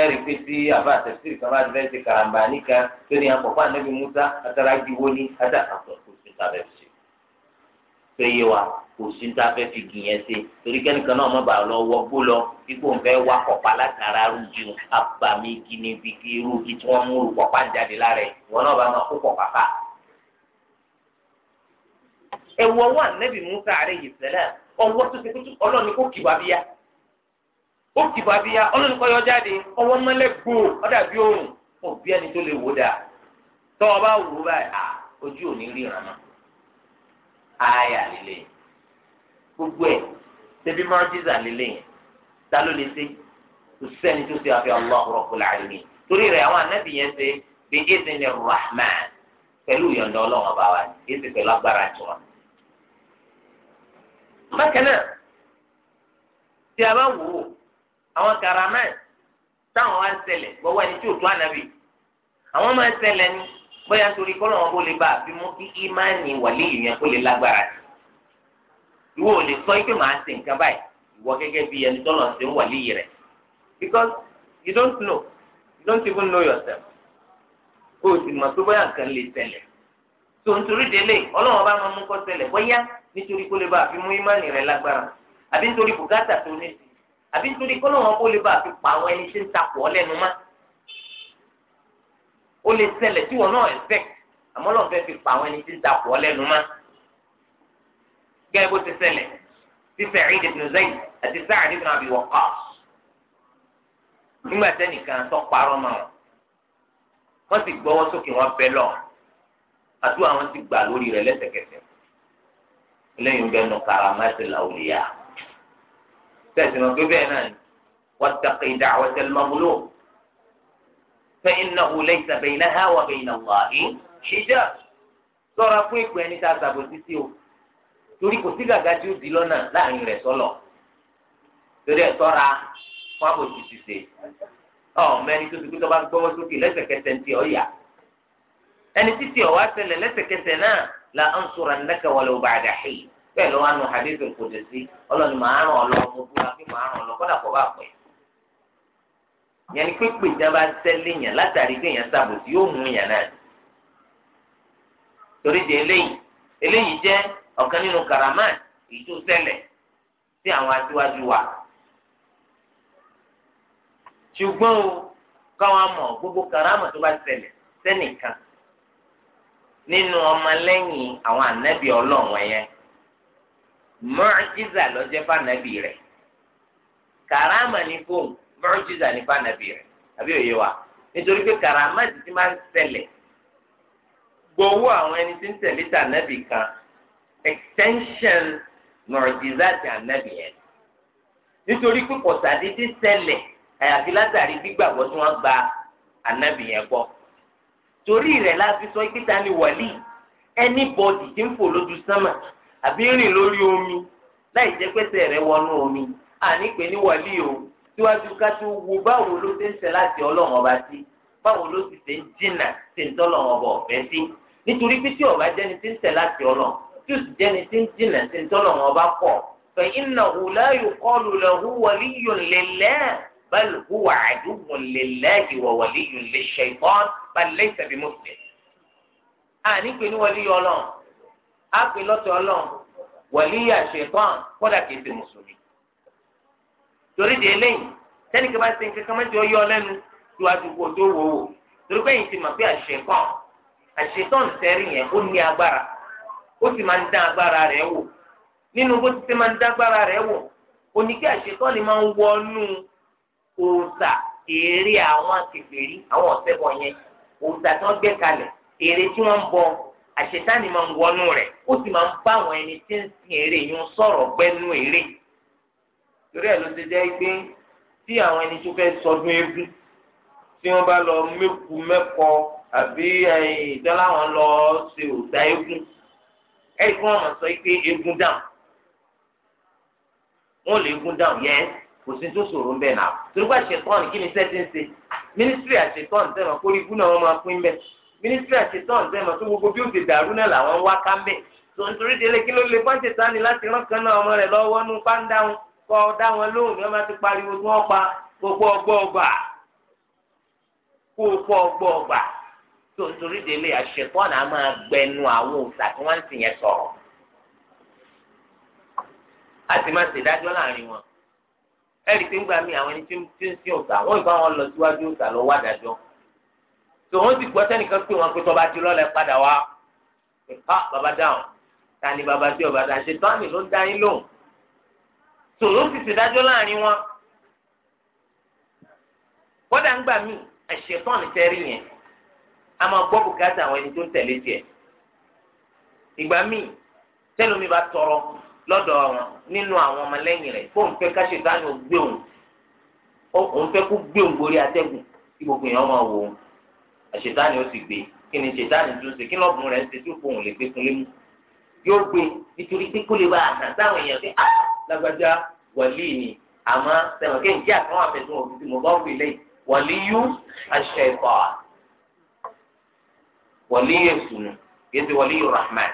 ẹ̀rí pé tí àbá àtẹ̀sírì kan bá ti fẹ́ ṣe karambà níkan tó ní akọ̀pá anabi musa atara jíwó ní adàkàtọ̀ kò sí tàbí fẹ́ yé wa kò sí ní ta fẹ́ fi gìyẹn ṣe torí kẹ́nìkan náà má bàa lọ wọgbó lọ ipò nfẹ́ wá kọ̀pá látara rújú abàmì gíní bíi irú kí tí wọ́n mú rú kọ̀pá jáde lára ẹ̀ wọn náà bá máa kó kọ̀pá ká. ẹ wọ ọwọ́ ànẹ́bì Musa alayhi salam ọwọ́ tó ṣe kútu ọlọ́ni kò kì wá bíyá ó kì wá bíyá ọlọ́ni kọ́ yọ jáde ọwọ́ mọ́lẹ̀ gbó ọ̀dà bí òrùn ò àyà líle gbogbo ẹ̀ ṣebí mọ́jísà líle yẹn ta ló lè ṣe kò sẹ́ni tó ṣe àfihàn Allah Rabbul Alamin torí rẹ̀ àwọn anábì yẹn ṣe bí ẹ̀sìn ní rahman pẹ̀lú ìyọ̀ǹda ọlọ́run ọba wa ẹ̀sìn pẹ̀lú agbára tiwọn. bákan náà tí a bá wò ó àwọn karamẹ́ táwọn wá ń ṣẹlẹ̀ gbọ́wọ́ ẹni tí ò tó ànábì àwọn máa ń ṣẹlẹ̀ ni bóyá nítorí kọ́ kó lè bá àfi kí ìmánì wàlẹ́ ìyẹn kó lè lágbára sí ìwọ ò lè sọ pé màá ṣe nǹkan báyìí ìwọ gẹ́gẹ́ bí ẹni tọ́lọ̀ ṣe ń wàlẹ́ yìí rẹ̀ because you don't know you don't even know yourself o sì mọ̀ pé bóyá nǹkan lè ṣẹlẹ̀ tó nítorí délé ọlọ́wọ́ bá máa mú kó ṣẹlẹ̀ bóyá nítorí kó lè bá àfi ìmánì rẹ̀ lágbára àbí nítorí bùkátà tó ní ó lè ṣẹlẹ̀ tí wọn náà expect àmọ́ lọ́n fẹ́ fi pa àwọn ẹni tí ń dapò ọlẹ́nu mọ́ gẹ́gẹ́ bó ti ṣẹlẹ̀ sí Sa'id ibn Zayd àti Sa'd ibn Abi Waqqas nígbà tẹ́nìkan tó parọ́ mọ́ wọn wọ́n sì gbọ́wọ́ sókè wọn bẹ́ lọ àdúrà wọn ti gbà lórí rẹ̀ lẹ́sẹ̀kẹsẹ̀ lẹ́yìn bẹ́ẹ̀ nù karamati làwùlíyà tẹ̀sán pé bẹ́ẹ̀ náà ni wattaqi da'watal maghlub فإنه ليس بينها وبين الله حجاب ṣọ́ra fún ìpè ẹni tá a ṣàbò títí o torí kò sí gàgà tí ó di lọ́nà láàrin rẹ̀ sọ́lọ̀ torí ẹ̀ ṣọ́ra fún àbòsí ṣiṣe ọ mẹni tó ti kú tó bá gbọ́wọ́ sókè lẹ́sẹ̀kẹsẹ̀ ti ọ̀yà ẹni títí ọ̀wá ṣẹlẹ̀ lẹ́sẹ̀kẹsẹ̀ náà la ansurannaka walau ba'da hin bẹ́ẹ̀ lọ́wọ́ àánú hadith al-qudsi ọlọ́ni màá ràn ọ́ lọ́wọ́ mo búra pé màá ràn ọ́ lọ́wọ́ kọ́dà kọ́ bá pẹ́ yẹn ni pípé ìjọba bá ṣẹlẹ̀ yẹn látàrí pé yẹn yóò mú yẹn náà torí di eléyìí eléyìí jẹ́ ọ̀kan nínú karaman ìjó ṣẹlẹ̀ tí àwọn aṣíwájú wà ṣùgbọ́n o káwọn mọ̀ gbogbo karama tó bá ṣẹlẹ̀ sẹ́nìkan nínú ọmọlẹ́yìn àwọn ànábì lọ́jẹ́ fún ànábì rẹ̀ karama mọ́rọ́jìzà nípa nàbì rẹ̀ àbí òye wa nítorí pé kàràmáàtì ti máa ń ṣẹlẹ̀ gbowó àwọn ẹni tí ń tẹ̀lé tà nàbì kan extension mọ́rọ́jìzà ti ànàbì yẹn nítorí pé kọ̀sàdédé ṣẹlẹ̀ àyàfi látàrí gbígbàgbọ́ tí wọ́n gba ànàbì yẹn gbọ́ torí rẹ̀ la fi sọ pé ni wàlí anybody tí ń fò lójú sánmà àbí rìn lórí omi láì jẹ́ pẹ́sẹ̀ rẹ̀ wọnú omi àní pé ní wàlí o síwájú ká tó wo báwo ló ti ń ṣe láti ọlọ́run ọba sí báwo ló ti ṣe ń jìnnà ṣe ń tọ́lọ́run ọba ọ̀fẹ́ sí nítorí pé tí ọba jẹ́ni ti ń ṣe láti ọlọ́run tí ó sì jẹ́ni ti ń jìnnà ṣe ń tọ́lọ́run ọba pọ̀ fa innahu la yuqalu lahu waliyyun lillah bal huwa aduwwun lillahi wa waliyyun lish-shaytan bal laysa bimuslim. àní pé ní wọlé ọlọ́run á pè lọ́tọ̀ ọlọ́run wọlé àṣetán kódà kìí ṣe mùsùlùmí torí di eléyìí sẹ́ni kí wọ́n ti ń kankan mẹ́jọ yọ lẹ́nu síwájú kó tó wò wò torí pé yìí ti mọ̀ pé àṣetán àṣetán sẹ́rí yẹn ó ní agbára ó sì máa ń dá agbára rẹ̀ wò nínú bó ti ṣe máa ń dá agbára rẹ̀ wò oníkí àṣetán ni máa ń wọnú òòṣà èrè àwọn àtìgbèrí àwọn ọ̀sẹ̀ bọ̀ yẹn òòṣà tí wọ́n gbé kalẹ̀ èrè tí wọ́n ń bọ àṣetán ni máa ń wọnú rẹ̀ ó sì máa ń bá àwọn ẹni tí ń sin èrè yẹn sọ̀rọ̀ gbẹ́nu èrè yìí torí ẹ̀ ló ti jẹ́ pé tí àwọn ẹni tó fẹ́ sọdún eégún tí wọ́n bá lọ mẹ́kù mẹ́kọ àbí ìdáláwọn lọ ṣe òdà eégún ẹ̀rí kí wọ́n mọ̀ sọ pé eégún dáhùn wọ́n lè eégún dáhùn yẹn kò sí tó ṣòro bẹ́ẹ̀ náà torí pé àṣetọ́ọ̀nù kí ni sẹ́ẹ̀ ti ń ṣe mínísírì àṣetọ́ọ̀nù sẹ́ẹ̀ mọ̀ kó rí gúnà wọn máa pín bẹ́ẹ̀ mínísírì àṣetọ́ọ̀nù sẹ́ẹ̀ mọ̀ tó gbogbo bí ó ti dàrú náà làwọn wá ká ń torí délé kí ló lè bá ń ṣètọ́ni láti rán kan náà ọmọ rẹ̀ lọ́wọ́ nú pàǹdáhùn kọ́ ọ dá wọn lóhùn ní wọn bá ti pariwo tí wọ́n pa gbogbo ọgbọ́ ọgbà kó o kọ́ ọgbọ́ ọgbà tó ń torí délé àṣetọ́nà á máa gbẹnu àwọn òòsà tí wọ́n ń sìn yẹn sọ̀rọ̀ a sì máa ṣèdájọ́ láàrin wọn ẹ̀rí tí ń gbà mí àwọn ẹni tí ń sìn òòsà wọ́n ì bá wọn lọ síwájú òòsà lọ wá dájọ́ tòun ti gbọ́ sẹ́nìkan pé wọn pé tọ́ba ti lọ́lẹ̀ padà wá ìpá bàbá dáhùn tani bàbá tí ọba dá ṣe ló ń dá yín lóhùn tòló sì ṣèdájọ́ láàrin wọn kódà ń gbà mí àṣetán tẹ́rí yẹn a máa gbọ́ bùkátà àwọn ẹni tó ń tẹ̀lé tiẹ̀ ìgbà míì tẹ́lómi bá tọrọ lọ́dọ̀ wọn nínú àwọn ọmọlẹ́yìn rẹ̀ fóun fẹ́ ká ṣètánì ó gbé òun òun fẹ́ kó gbé òun borí atẹ́gùn kí gbogbo èèyàn máa wò ó àṣetánì ó sì gbé kí ni ṣètánì tó ṣe kí lọ́ọ̀bùn rẹ̀ ṣe tó fóun lè gbé fún lému yóò gbé nítorí pé kó lè bá àtàn sáwọn èèyàn pé ah lágbájá wàlí ni àmọ́ sẹ́wọ̀n kí n jẹ́ àtàwọn àfẹsùn òbí tí mo bá wù ilé wàlí yú aṣọ ìfọ̀ wàlí yẹ sùnù kí n ti wàlí yú rahman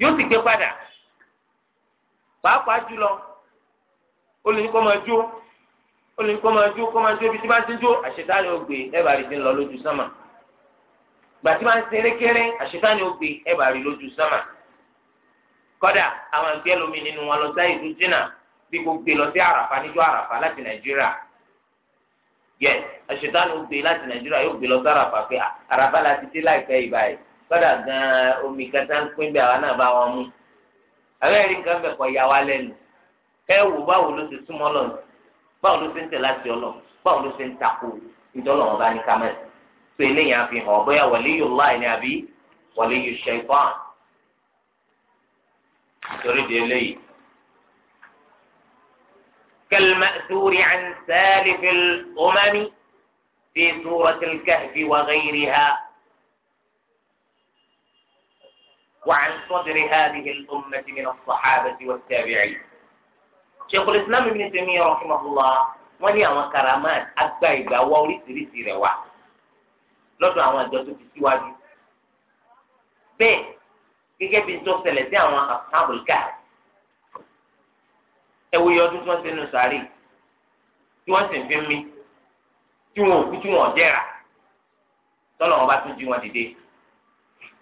yóò sì gbé padà pàápàá jùlọ ó lè ní kó máa jó ó lè ní kó máa jó kó máa jó ibi tí bá ń jó àṣetáni ó gbé rí ti ń lọ lójú sánmà gbàtí bá ń sin àṣetáni ó gbé rí lójú sánmà kọ́dà àwọn ẹgbẹ́ lómi nínú wọn lọ sáyé ìlú jìnnà bí kò gbé lọ sí àràfà níjọ́ àràfà láti nàìjíríà yẹ àṣetánù gbé láti nàìjíríà yóò gbé lọ sí àràfà pé àràfà láti dé láìpẹ́ ìbáyìí kọ́dà gan-an omi kẹta ń pín bí àwa náà bá wọn mú àwọn ẹ̀rí nǹkan bẹ̀ kọ́ ya wa lẹ́nu ẹ wò báwo ló ti súnmọ́ lọ báwo ló ti ń tẹ̀ láti ọlọ báwo ló ti ń takò ìjọlọ wọn bá ní kámẹ́sì tó eléyìí àfihàn ọ̀bọ̀yà wọlé torí di eléyìí. كالمأثور عن سالف الأمم في سورة الكهف وغيرها وعن صدر هذه الأمة من الصحابة والتابعين شيخ الإسلام ابن تيمية رحمه الله ولي أما كرامات أكبر وولي سيري سيري واحد لو أما جاتو في سواجي بيت gẹ́gẹ́ bí tó ṣẹlẹ̀ sí àwọn ashabul kahf ẹ wo iye ọdún tí wọ́n ti nù sáré tí wọ́n sì ń fi mí tí wọn ò kú tí wọn ò jẹ́ra tọ́lọ̀ wọn bá tún jí wọn dìde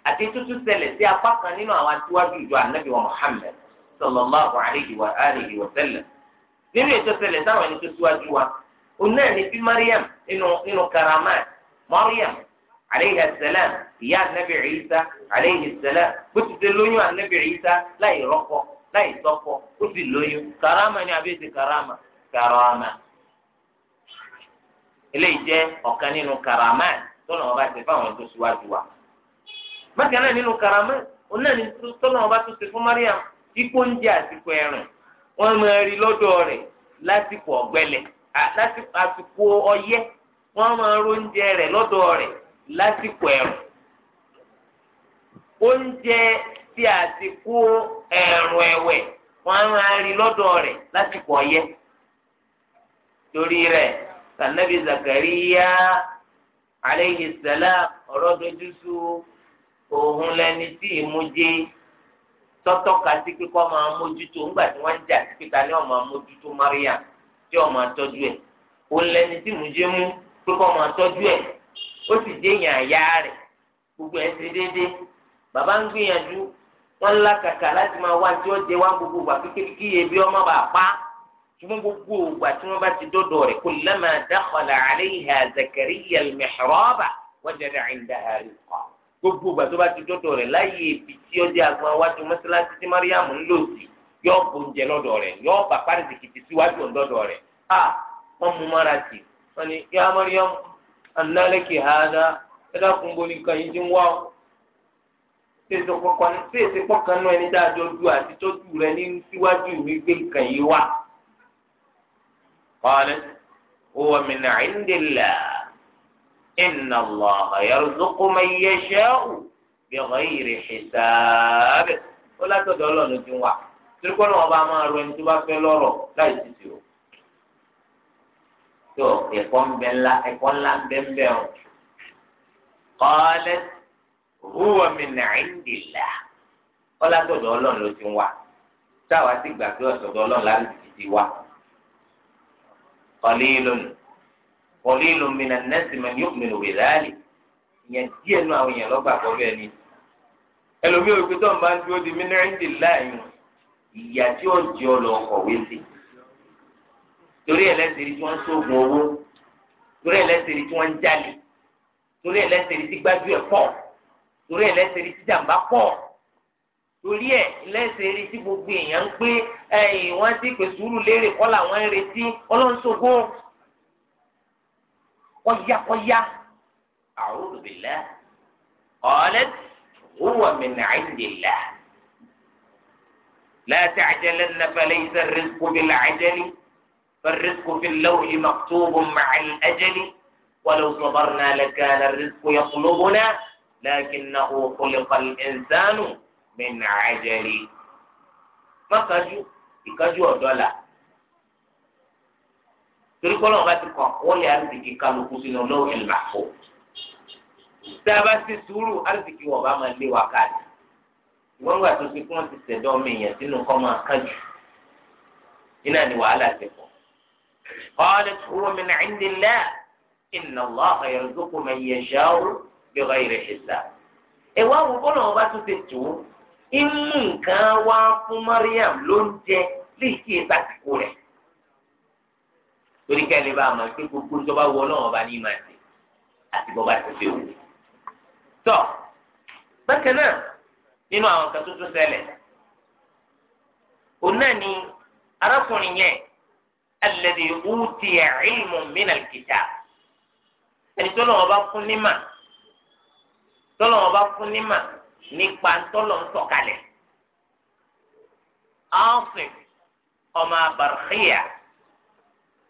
àti tuntun ṣẹlẹ̀ sí apá kan nínú àwọn atiwájú ìjọ anabi wa Muhammad sallallahu alayhi wa alihi nínú ètò ṣẹlẹ̀ sáwọn ẹni tó síwájú wa òun ní bí Mariam nínú nínú Mariam alayhi salam ìyá anabi Isa alae salam bó ti ṣe lóyún anabi Isa láì rọ́kọ láì sọ́kọ ó karama ni àbí ti karama karama eléyìí jẹ́ ọ̀kan nínú karama tọ́nà ọba ti fáwọn tó ṣíwájú wa bákan nínú karama òun náà ní ọba tó ṣe fún Mariam ikú àsìkò lásìkò àsìkò oúnjẹ tí a ti kó ẹ̀rùn ẹ̀wẹ̀ wọ́n á rí lọ́dọ̀ rẹ̀ lásìkò ọyẹ́ torí rẹ̀ sànẹ́bí zakariya aleyhi salam ọ̀rọ̀ dojúsù òun lẹni tí ìmújẹ tọ́tọ́ka sí pé kọ́ máa mójútó ńgbà tí wọ́n ń jà sí pé ta ni ọ̀ma mójútó mariam tí ọ̀ma tọ́jú ẹ̀ òun lẹni tí ìmújẹ mú pé kọ́ máa tọ́jú ẹ̀ ó sì rẹ̀ gbogbo ẹ̀ bàbá ń gbìyànjú wọn ńlá kàkà láti máa wá tí ó jẹ wá gbogbo ìgbà kékeré kí iye bí ọmọ bá pa ṣùgbọ́n gbogbo ìgbà tí wọ́n bá ti dọ́dọ̀ rẹ̀ kullama dakhala 'alayha Zakariya al-mihraba wajada 'indaha rizqa gbogbo ìgbà tó bá ti dọ́dọ̀ rẹ̀ láyé ibi tí ó jẹ́ agbọn iwájú mọ́sálásí tí Mariam ń lò sí yóò bóúnjẹ lọ́dọ̀ rẹ̀ yóò bà párìsìkìtì síwájú ọ̀dọ́dọ̀ rẹ̀ a wọ́n mú mara sí wọ́n ní yá Mariam annalaki hada fèsì pọkàn nù ẹni dáadọ ju àti tọ́jú rẹ ní síwájú mi gbé nǹkan yìí wá. qālat huwa min 'indillāh inna Allāha yarzuqu man yashā'u bighayri ḥisāb. ó látọ̀dọ̀ ọlọ́run ti wà tirikọ́ náà wọ́n bá máa rọ ẹni tó bá fẹ́ lọ́rọ̀ láì títì o. tó ẹ̀kọ́ ńlá ń bẹ́ẹ̀ bẹ́ẹ̀ o. qālat huwa min indillah ọlátọ̀dọ̀ ọlọ́run ló ti ń wá táwa ti gbà pé ọ̀sọ̀dọ̀ ọlọ́run láti ti ti wá. qalilun qalilun minan nasi man yu'minu bi dhalik ìyẹn díẹ̀ nú àwọn èèyàn lọ́gbà kọ́ bẹ́ẹ̀ ni. ẹlòmíì òkú tó ń bá ń dúró di min indillah ìyá tí ó jẹ́ ọ lọ kọ̀wé sí. torí ẹlẹ́sìn tí wọ́n sóògùn owó torí ẹlẹ́sìn tí wọ́n ń jalè torí ẹlẹ́sìn tí gbájú ẹ̀ pọ̀ torí ẹ̀ lẹ́sẹ̀ rí tíjàmbá pọ̀ torí ẹ̀ lẹ́sẹ̀ rí tí gbogbo èèyàn ń pé ẹ̀yìn wọ́n ti pè sùúrù léèrè kọ́ làwọn ń retí ọlọ́nṣogó kọ́yákọ́yá a'udhu billah qalat huwa min 'indillah la ta'jalanna falaysa ar-rizqu bil-'ajali فالرزق في اللوح مكتوب مع الأجل ولو صبرنا لكان الرزق يطلبنا لكنه خلق الإنسان من عجل ما كاجو ìkájú ọ̀dọ́ la torí kọ́ lọ́wọ́ bá ti kàn ó lé àrísìkì kálukú sínú lọ́wọ́ ìlàkó tá a bá ti sùúrù àrísìkì wọ̀ bá máa lé wa káàdì ìwọ́n gbà tó ṣe kí wọ́n ti ṣẹ̀dọ́ ọmọ èèyàn sínú kọ́ máa kájú iná ni wàhálà ti pọ̀ قالت هو من عند الله إن الله يرزق من يشاء bí ọba yìí rẹ̀ ṣe sá. ẹ wá wo bọ́lá wọn bá tún ṣe tó imú nǹkan wá fún Mariam ló ń jẹ lè kí ẹ sàtìkú rẹ̀. torí kẹ́lẹ́ bá a mọ̀ pé gbogbo tó bá wọ ọlọ́wọ́n bá ní ìmọ̀ àti àti bọ́ bá ti fi wù. tọ́ bákan náà nínú àwọn kan tó tún òun náà ni arákùnrin yẹn alladhi utiya ilmun min alkitab ẹni tó lọ́wọ́ bá fún nímà tọ́lọ̀ wọn bá fún nímà nípa tọ́lọ̀ ń sọ̀kalẹ̀. Asim ọmọ Barkiya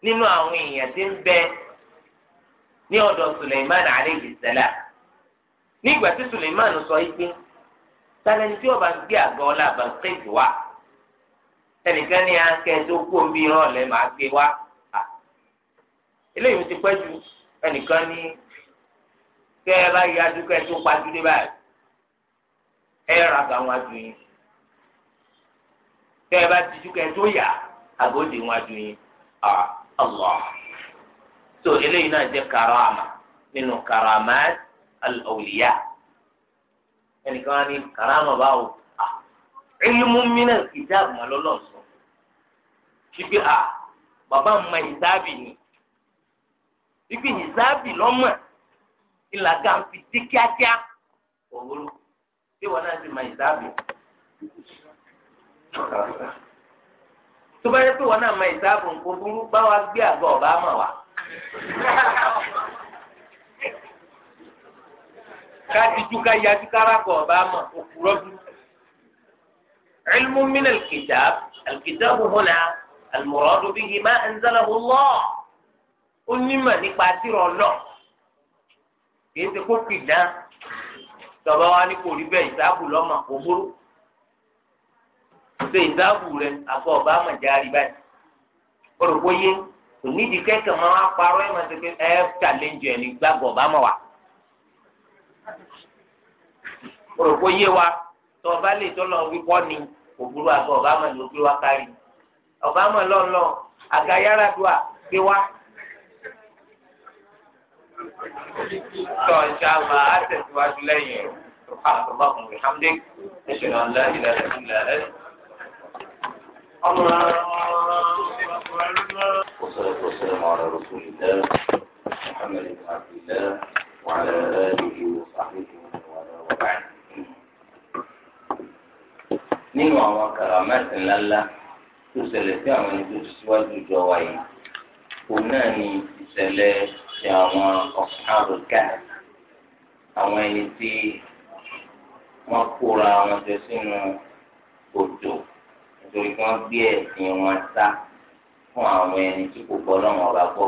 nínú àwọn èèyàn tí ń bẹ ní ọ̀dọ̀ Suleiman aleyhi salam nígbà tí Suleiman sọ yìí pé tani tí ọba gbé àgọ́ ọlá Barkiya wá ẹnìkan ní akẹ́ńtó kó bí irọ́ lẹ́ máa gbé wá. eléyìí ti pẹ́ ju ẹnìkan ní tẹ́ ẹ bá yájú kẹ́ ẹ tó pàdúdé báyìí ẹ ra gà wọn adu yín tẹ́ ẹ bá tijú kẹ́ ẹ tó yà àgòdì wọn adu yín à Allah tó eléyìí náà jẹ́ karama nínú karamat al ẹnìkan wá ní karama báwo ilmu mina kìjáàbù mà lọ́lọ́sọ ṣíbi à bàbá mi ma ìsáàbì ni ìgbì ìsáàbì lọ́mọ̀ ìlàgà ń fi dé kíákíá òwúrò tí wọn náà ti mọ ìsáàbù tó bá yẹ pé wọn náà mọ ìsáàbù nǹkan burú bá wa gbé àgọ́ ọba mọ wa. ká dijú ká yájú kára kọ ọba mọ òkúrọ dúró. علم من الكتاب الكتاب هنا المراد به ما أنزله الله أني nípa tírọ̀ náà kìí ṣe kó pìdán tọba wa ní kò rí bẹ́ẹ̀ ìsáàbù lọ́mọ kò burú ṣe ìsáàbù rẹ àbọ̀ ọba àmọ̀já rí báyìí ó rò pé yé kò nídìí kẹ́kẹ́ máa wá parọ́ ẹ̀ máa ṣe pé ẹ̀ ṣàlẹ́njì ẹ̀ ní gbàgbọ́ ọba mọ̀ wá ó rò pé yé wa tọba lè tọ́lọ̀ wípọ́ ni kò burú ọba àmọ̀ ló gbé wá kárí ọba àmọ̀ lọ́nlọ́ àgàyáradùà gbé wá. sọ ìṣàmà á tẹ̀síwájú lẹ́yìn subhanahu wa ta'ala alhamdi ẹ̀ṣẹ̀ náà ńlá ìlà ìlà ẹ̀. والصلاة والسلام على رسول الله محمد بن عبد الله وعلى آله وصحبه ومن وبعد nínú àwọn kàràmẹ́sì ńláńlá tó ṣẹlẹ̀ sí àwọn ẹni tó ti síwájú jọ wáyé òun náà ni ìṣẹ̀lẹ̀ àti àwọn ọ̀sán káàdì àwọn ẹni tí wọ́n kóra wọn jọ sínú odò nítorí kí wọ́n gbé ẹ̀sìn wọn sá fún àwọn ẹni tí kò gbọ́ lọ́wọ́n ọba gbọ́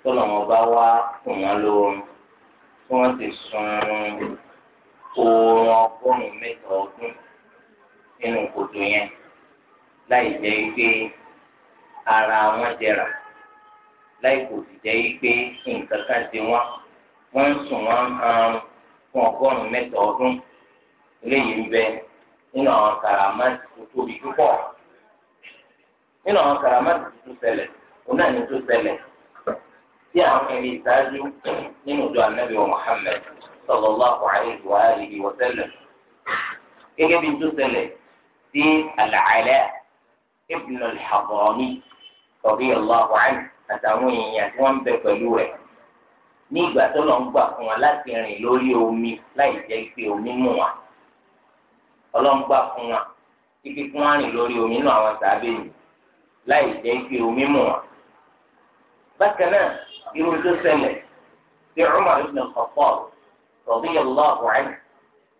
tó lọ́wọ́n bá wá kùn wọ́n lóorun tí wọ́n sì sun oorun ọgọ́rùn-ún mẹ́ta ọdún nínú kòtò yẹn láì jẹ́ pé ara wọn jẹrà láì kò sì jẹ́ pé nǹkan kan ti wọ́n wọ́n ń sùn wọ́n àrùn fún ọgọ́rùn-ún mẹ́ta ọdún eléyìí ń bẹ nínú àwọn kàràmáàtì tó tóbi púpọ̀ nínú àwọn kàràmáàtì tó ṣẹlẹ̀ òun náà ní tó ṣẹlẹ̀ tí àwọn ẹni ìsáájú nínú ìjọ anábì wa Muhammad sallallahu alayhi wa alihi wa sallam gẹ́gẹ́ bí tó ṣẹlẹ̀ sí Al-Ala ibn al-Hadrami radiyallahu anhu àtàwọn èèyàn tí wọ́n ń bẹ pẹ̀lú rẹ̀ ní ìgbà tó lọ ń gbà fún wọn láti rìn lórí omi láì jẹ́ pé omi mú wọn ọlọ́ngbà fún wọn kíkí fún wọn rìn lórí omi nínú àwọn sàbẹ̀yìn láì jẹ́ pé omi mú wọn. bákan náà irú tó ṣẹlẹ̀ sí Umar ibn Khattab radiyallahu anhu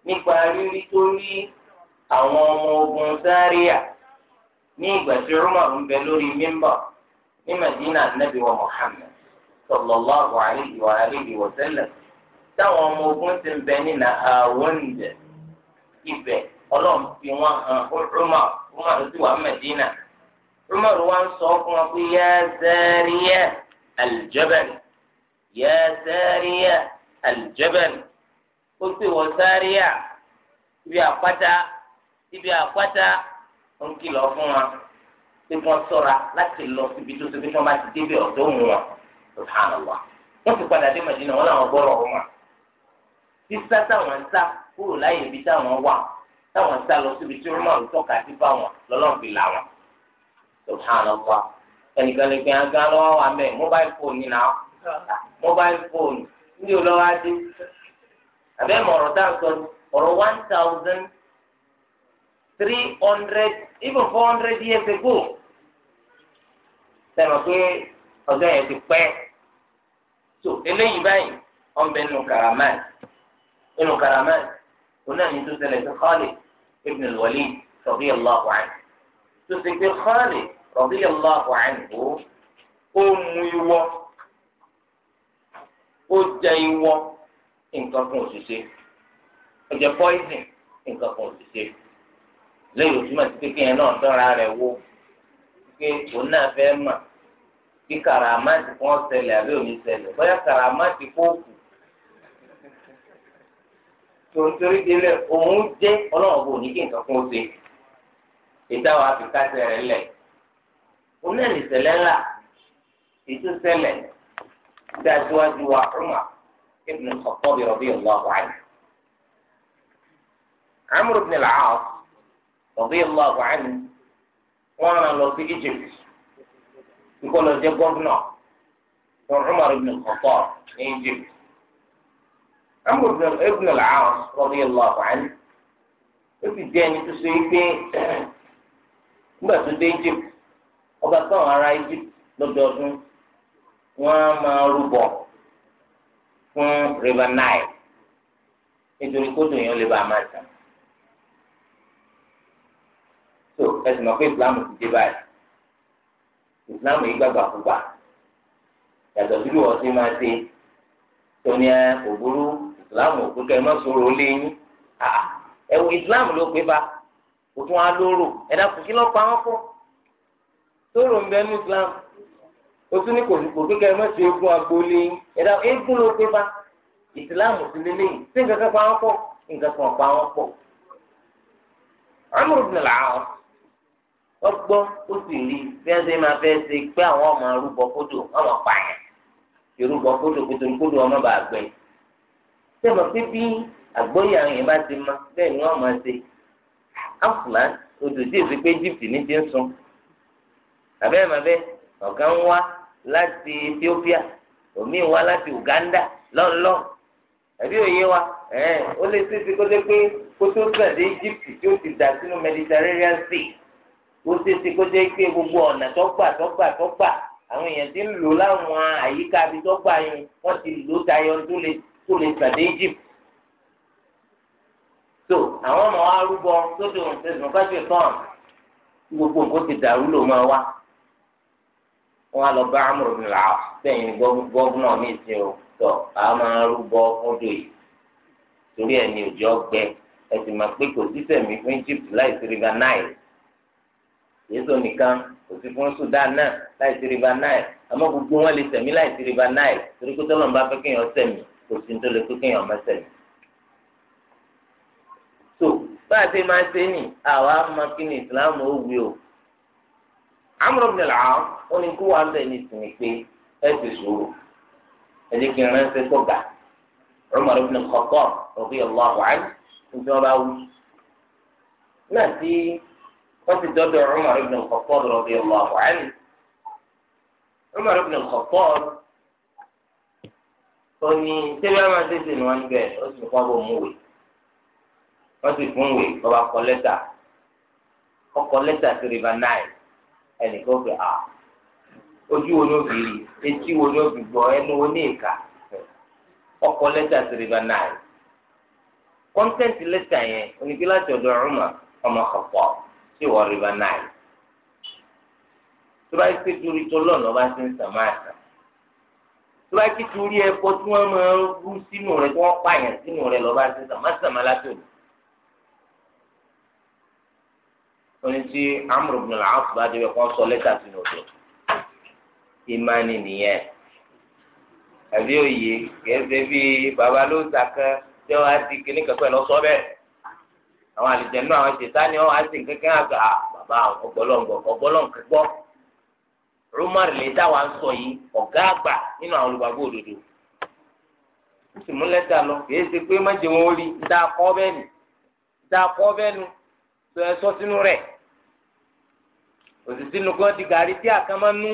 nípa rírí tó rí àwọn ọmọ ogun Sáríyà ní ìgbà tí Umar ń bẹ lórí mímbà ní Madina anabi wa Muhammad sallallahu alayhi wa alayhi wa sallam táwọn ọmọ ogun ti ń bẹ ní na àwọnìjẹ ibẹ̀ Ọlọ́run fi wọn hàn Umar Umar ló ti wà Madina Umar wa ń sọ fún wọn pé yá Zariya al-Jabal yá Zariya ó sì wọ Zariya ibi àpáta ibi àpáta ó ń kìlọ̀ fún wa. tí wọ́n sọra láti lọ síbi tó ṣe pé wọ́n ti débi ọ̀dọ́ mu wọn subhanallah wọ́n ti padà dé Madina wọn làwọn gbọ́rọ̀ wọn. sísá táwọn ń sá kúrò láyé ibi táwọn wà táwọn sá lọ síbi tí wọ́n máa ń tọ́ka sí lọ́lọ́run fi là wọn ẹnìkan lè gbìyànjú gan lọ́wọ́ wa mẹ́ mobile phone ni náà mobile phone one thousand. three hundred even four hundred years ago sẹ́nu pé ọjọ́ yẹn ti pẹ́ so eléyìí báyìí wọ́n bẹ nínú karaman nínú karaman òun náà ní tó ṣẹlẹ̀ sí Khalid ibn al-Walid radiyallahu anhu tó ṣe pé Khalid radiyallahu anhu ó mú iwọ́ ó jẹ iwọ́ nǹkan kan òṣìṣẹ́ ó poison nǹkan kan òṣìṣẹ́ lẹ́yìn òtún àti kékeré yẹn náà tọ́ra rẹ̀ wó pé òun náà fẹ́ mà kí kàràmáàtì kí wọ́n ṣẹlẹ̀ àbí òní ṣẹlẹ̀ bóyá kàràmáàtì kó kù tòǹtòrí délé òun jẹ́ ọlọ́run bò ní kí nǹkan kún ó ṣe ìdáwọ̀ àfikásẹ̀ rẹ̀ lẹ̀ òun náà nìṣẹ̀lẹ̀ ńlá ètò ṣẹlẹ̀ tí a ti wá ju wa Umar ibn Khattab radiyallahu anhu Amr ibn al-As radiyallahu anhu wọ́n rán lọ sí Egypt kíkọ́ lọ jẹ́ gọ́vnọ̀ fún Umar ibn al ní Egypt. Amr ibn al-As radiyallahu anhu ó sì jẹ́ ẹni tó ṣe é pé nígbà tó dé Egypt ọba táwọn ará Egypt lọ́dọọdún wọ́n máa rúbọ fún River Nile nítorí kódò yẹn ó lè bá a máa tàn. ẹsìn mọ̀ pé ìsìlámù ti dé báyìí ìsìlámù yìí gbàgbà púpà yàtọ̀ sí lùwọ́ sí máa ṣe tóní ẹ òbúrú ìsìlámù òkú kẹ́ ẹ má sọ̀rọ̀ léyìn ẹ̀wù ìsìlámù ló pé bá kò tún á lóró ẹ̀dá kùsí lọ́ pa wọ́n fún sọ̀rọ̀ ń bẹ ní ìsìlámù o tún ní kò sí kò pé kẹ́ ẹ má ṣe eégún agboolé ẹ̀dá eégún ló pé bá ìsìlámù ti lélẹ́yìn sí nǹkan kan pa wọ́n pọ̀ nǹkan kan pa wọ́n pọ̀ Amr ọgbọ́ ó sì rí bí wọ́n ṣe máa fẹ́ ṣe pé àwọn ọmọ arúgbó kódò ọmọ pààyàn ìrúbọ kódò kódò kódò ọmọ bàá gbẹ sẹ́wọ̀n pé bí àgbóyè àwọn yẹn bá ti ma bẹ́ẹ̀ ni wọ́n máa ṣe áfùlá odò tí èsì pé Egypt ní ti ń sun àbẹ́rẹ́ màbẹ́ ọ̀gá ń wá láti Ethiopia omi ń wá láti Uganda lọ́nlọ́ àbí òye wa ó lè ṣe é ṣe kó lé pé kó tó sàn dé Egypt tí ó ti dà sínú Mediterranean Sea ó tètè kó jẹ́ pé gbogbo ọ̀nà tọ́gbà tọ́gbà tọ́gbà àwọn èèyàn ti ń lò láwọn àyíká àbí tọ́gbà yẹn wọ́n ti lò tayọ tó lè tó lè sàdé Egypt. tó àwọn ọmọ wa rúbọ sódò ṣẹ̀sùn káṣí tán gbogbo nǹkan ti dàrú ló máa wá. wọ́n á lọ bá Amr bin al-As sẹ́yìn gọ́vùnà mi ṣe o tọ̀ a máa rúbọ fọ́dọ̀ yìí torí ẹ̀ ní òjò ọgbẹ́ ẹ̀ sì máa pé kò sí sẹ̀mí fún Egypt láì sí river Nile yéésù nìkan kò sí fún Sudan náà láì sí riba Nile àmọ́ gbogbo wọn lè sẹ̀mí láì sí riba Nile torí pé tọ́lọ́mù bá fẹ́ kéèyàn sẹ̀mí kò sí nítorí pé kéèyàn má sẹ̀mí. tó bá a ṣe máa ṣe nì àwa máa kí ni Islam ó wí o. Amr ibn al-As ó ní bẹ̀ ní ìsinmi pé ẹ ti sòrò ẹ jẹ́ kí n ránṣẹ́ tó ga Umar ibn al-Khattab radiyallahu anhu ní tí wọ́n bá wú. náà tí wọ́n ti dọ́dọ̀ Umar ibn al-Khattab radiyallahu anhu Umar ibn al-Khattab ó ní sẹ́lẹ̀ máa tètè ní wọ́n níbẹ̀ ó sì kọ́ bó mú wo ni ọkọ yẹn láti ma ọmọ sí wọ river nile tó bá yẹ pé torí tó lọ́nà bá ti ń sàn máa sàn tó bá yẹ pé torí ẹ̀fọ́ tí wọ́n máa ń rú sínú rẹ̀ tí wọ́n pààyàn sínú rẹ̀ lọ́ba ti ń sàn máa sàn máa látò ní. wọ́n ti amúrò bin al-As bá débẹ̀ kó sọ lẹ́tà sínú òde ìmánì nìyẹn àbí òye kẹfẹ bíi babalóòsà kan tí wọ́n á ti kíní kẹfẹ lọ sọ bẹ́ẹ̀ àwọn àlìjẹnú àwọn ṣètánì ọ àti nkankan àgbà ah, bàbá ọgbọlọgbọ ọgbọlọgbọ gbọ Umar lè dá wa sọ yìí ọgá àgbà nínú àwọn olùgbàgbọ́ òdodo ó sì mú lẹ́tà lọ kì í ṣe pé má jẹ wọn dá kọ bẹ́ẹ̀ nù dá kọ bẹ́ẹ̀ nù sọ ẹ sọ sínú rẹ̀ òsì sínú kan ti gàrí tí àkàn máa nú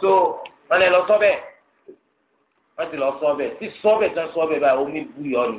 so wọn lè lọ sọ bẹ́ẹ̀ wọn ti lọ sọ bẹ́ẹ̀ tí sọ bẹ́ẹ̀ tí wọn sọ bẹ́ẹ̀ báyìí omi bú yọ ni.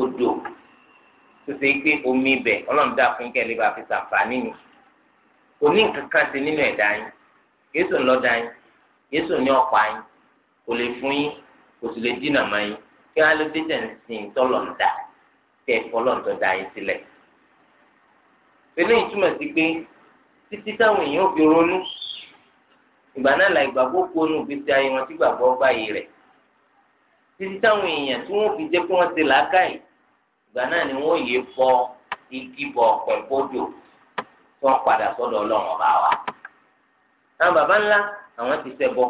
odò tó ṣe pé omi ibẹ̀ ọlọ́run dá fún kẹ́lẹ́ bá fi ṣàǹfààní ni kò ní nǹkan kan ṣe nínú ẹ̀dá yín yéṣù ń lọ́dá yín yéṣù ní ọ̀pá yín kò lè fún yín kò sì lè dínà mọ́ yín kí wọ́n á lè dédé nsìn tọ́lọ̀ ń dà tẹ́ fọlọ́ tó dá yín sílẹ̀. eléyìí túmọ̀ sí pé títí táwọn èèyàn fi ronú ìgbà náà la ìgbàgbọ́ kó nù gbèsè ayé wọn tí gbàgbọ́ báyìí rẹ̀ títí táwọn èèyàn tí wọ́n fi jẹ́ pé wọ́n ti làákàyè ìgbà náà ni wọ́n yéé fọ igi bọ̀ pẹ̀kọ́dọ̀ tí wọ́n padà sọ́dọ̀ ọlọ́run ọba wa. àwọn baba ńlá àwọn ti ṣẹbọ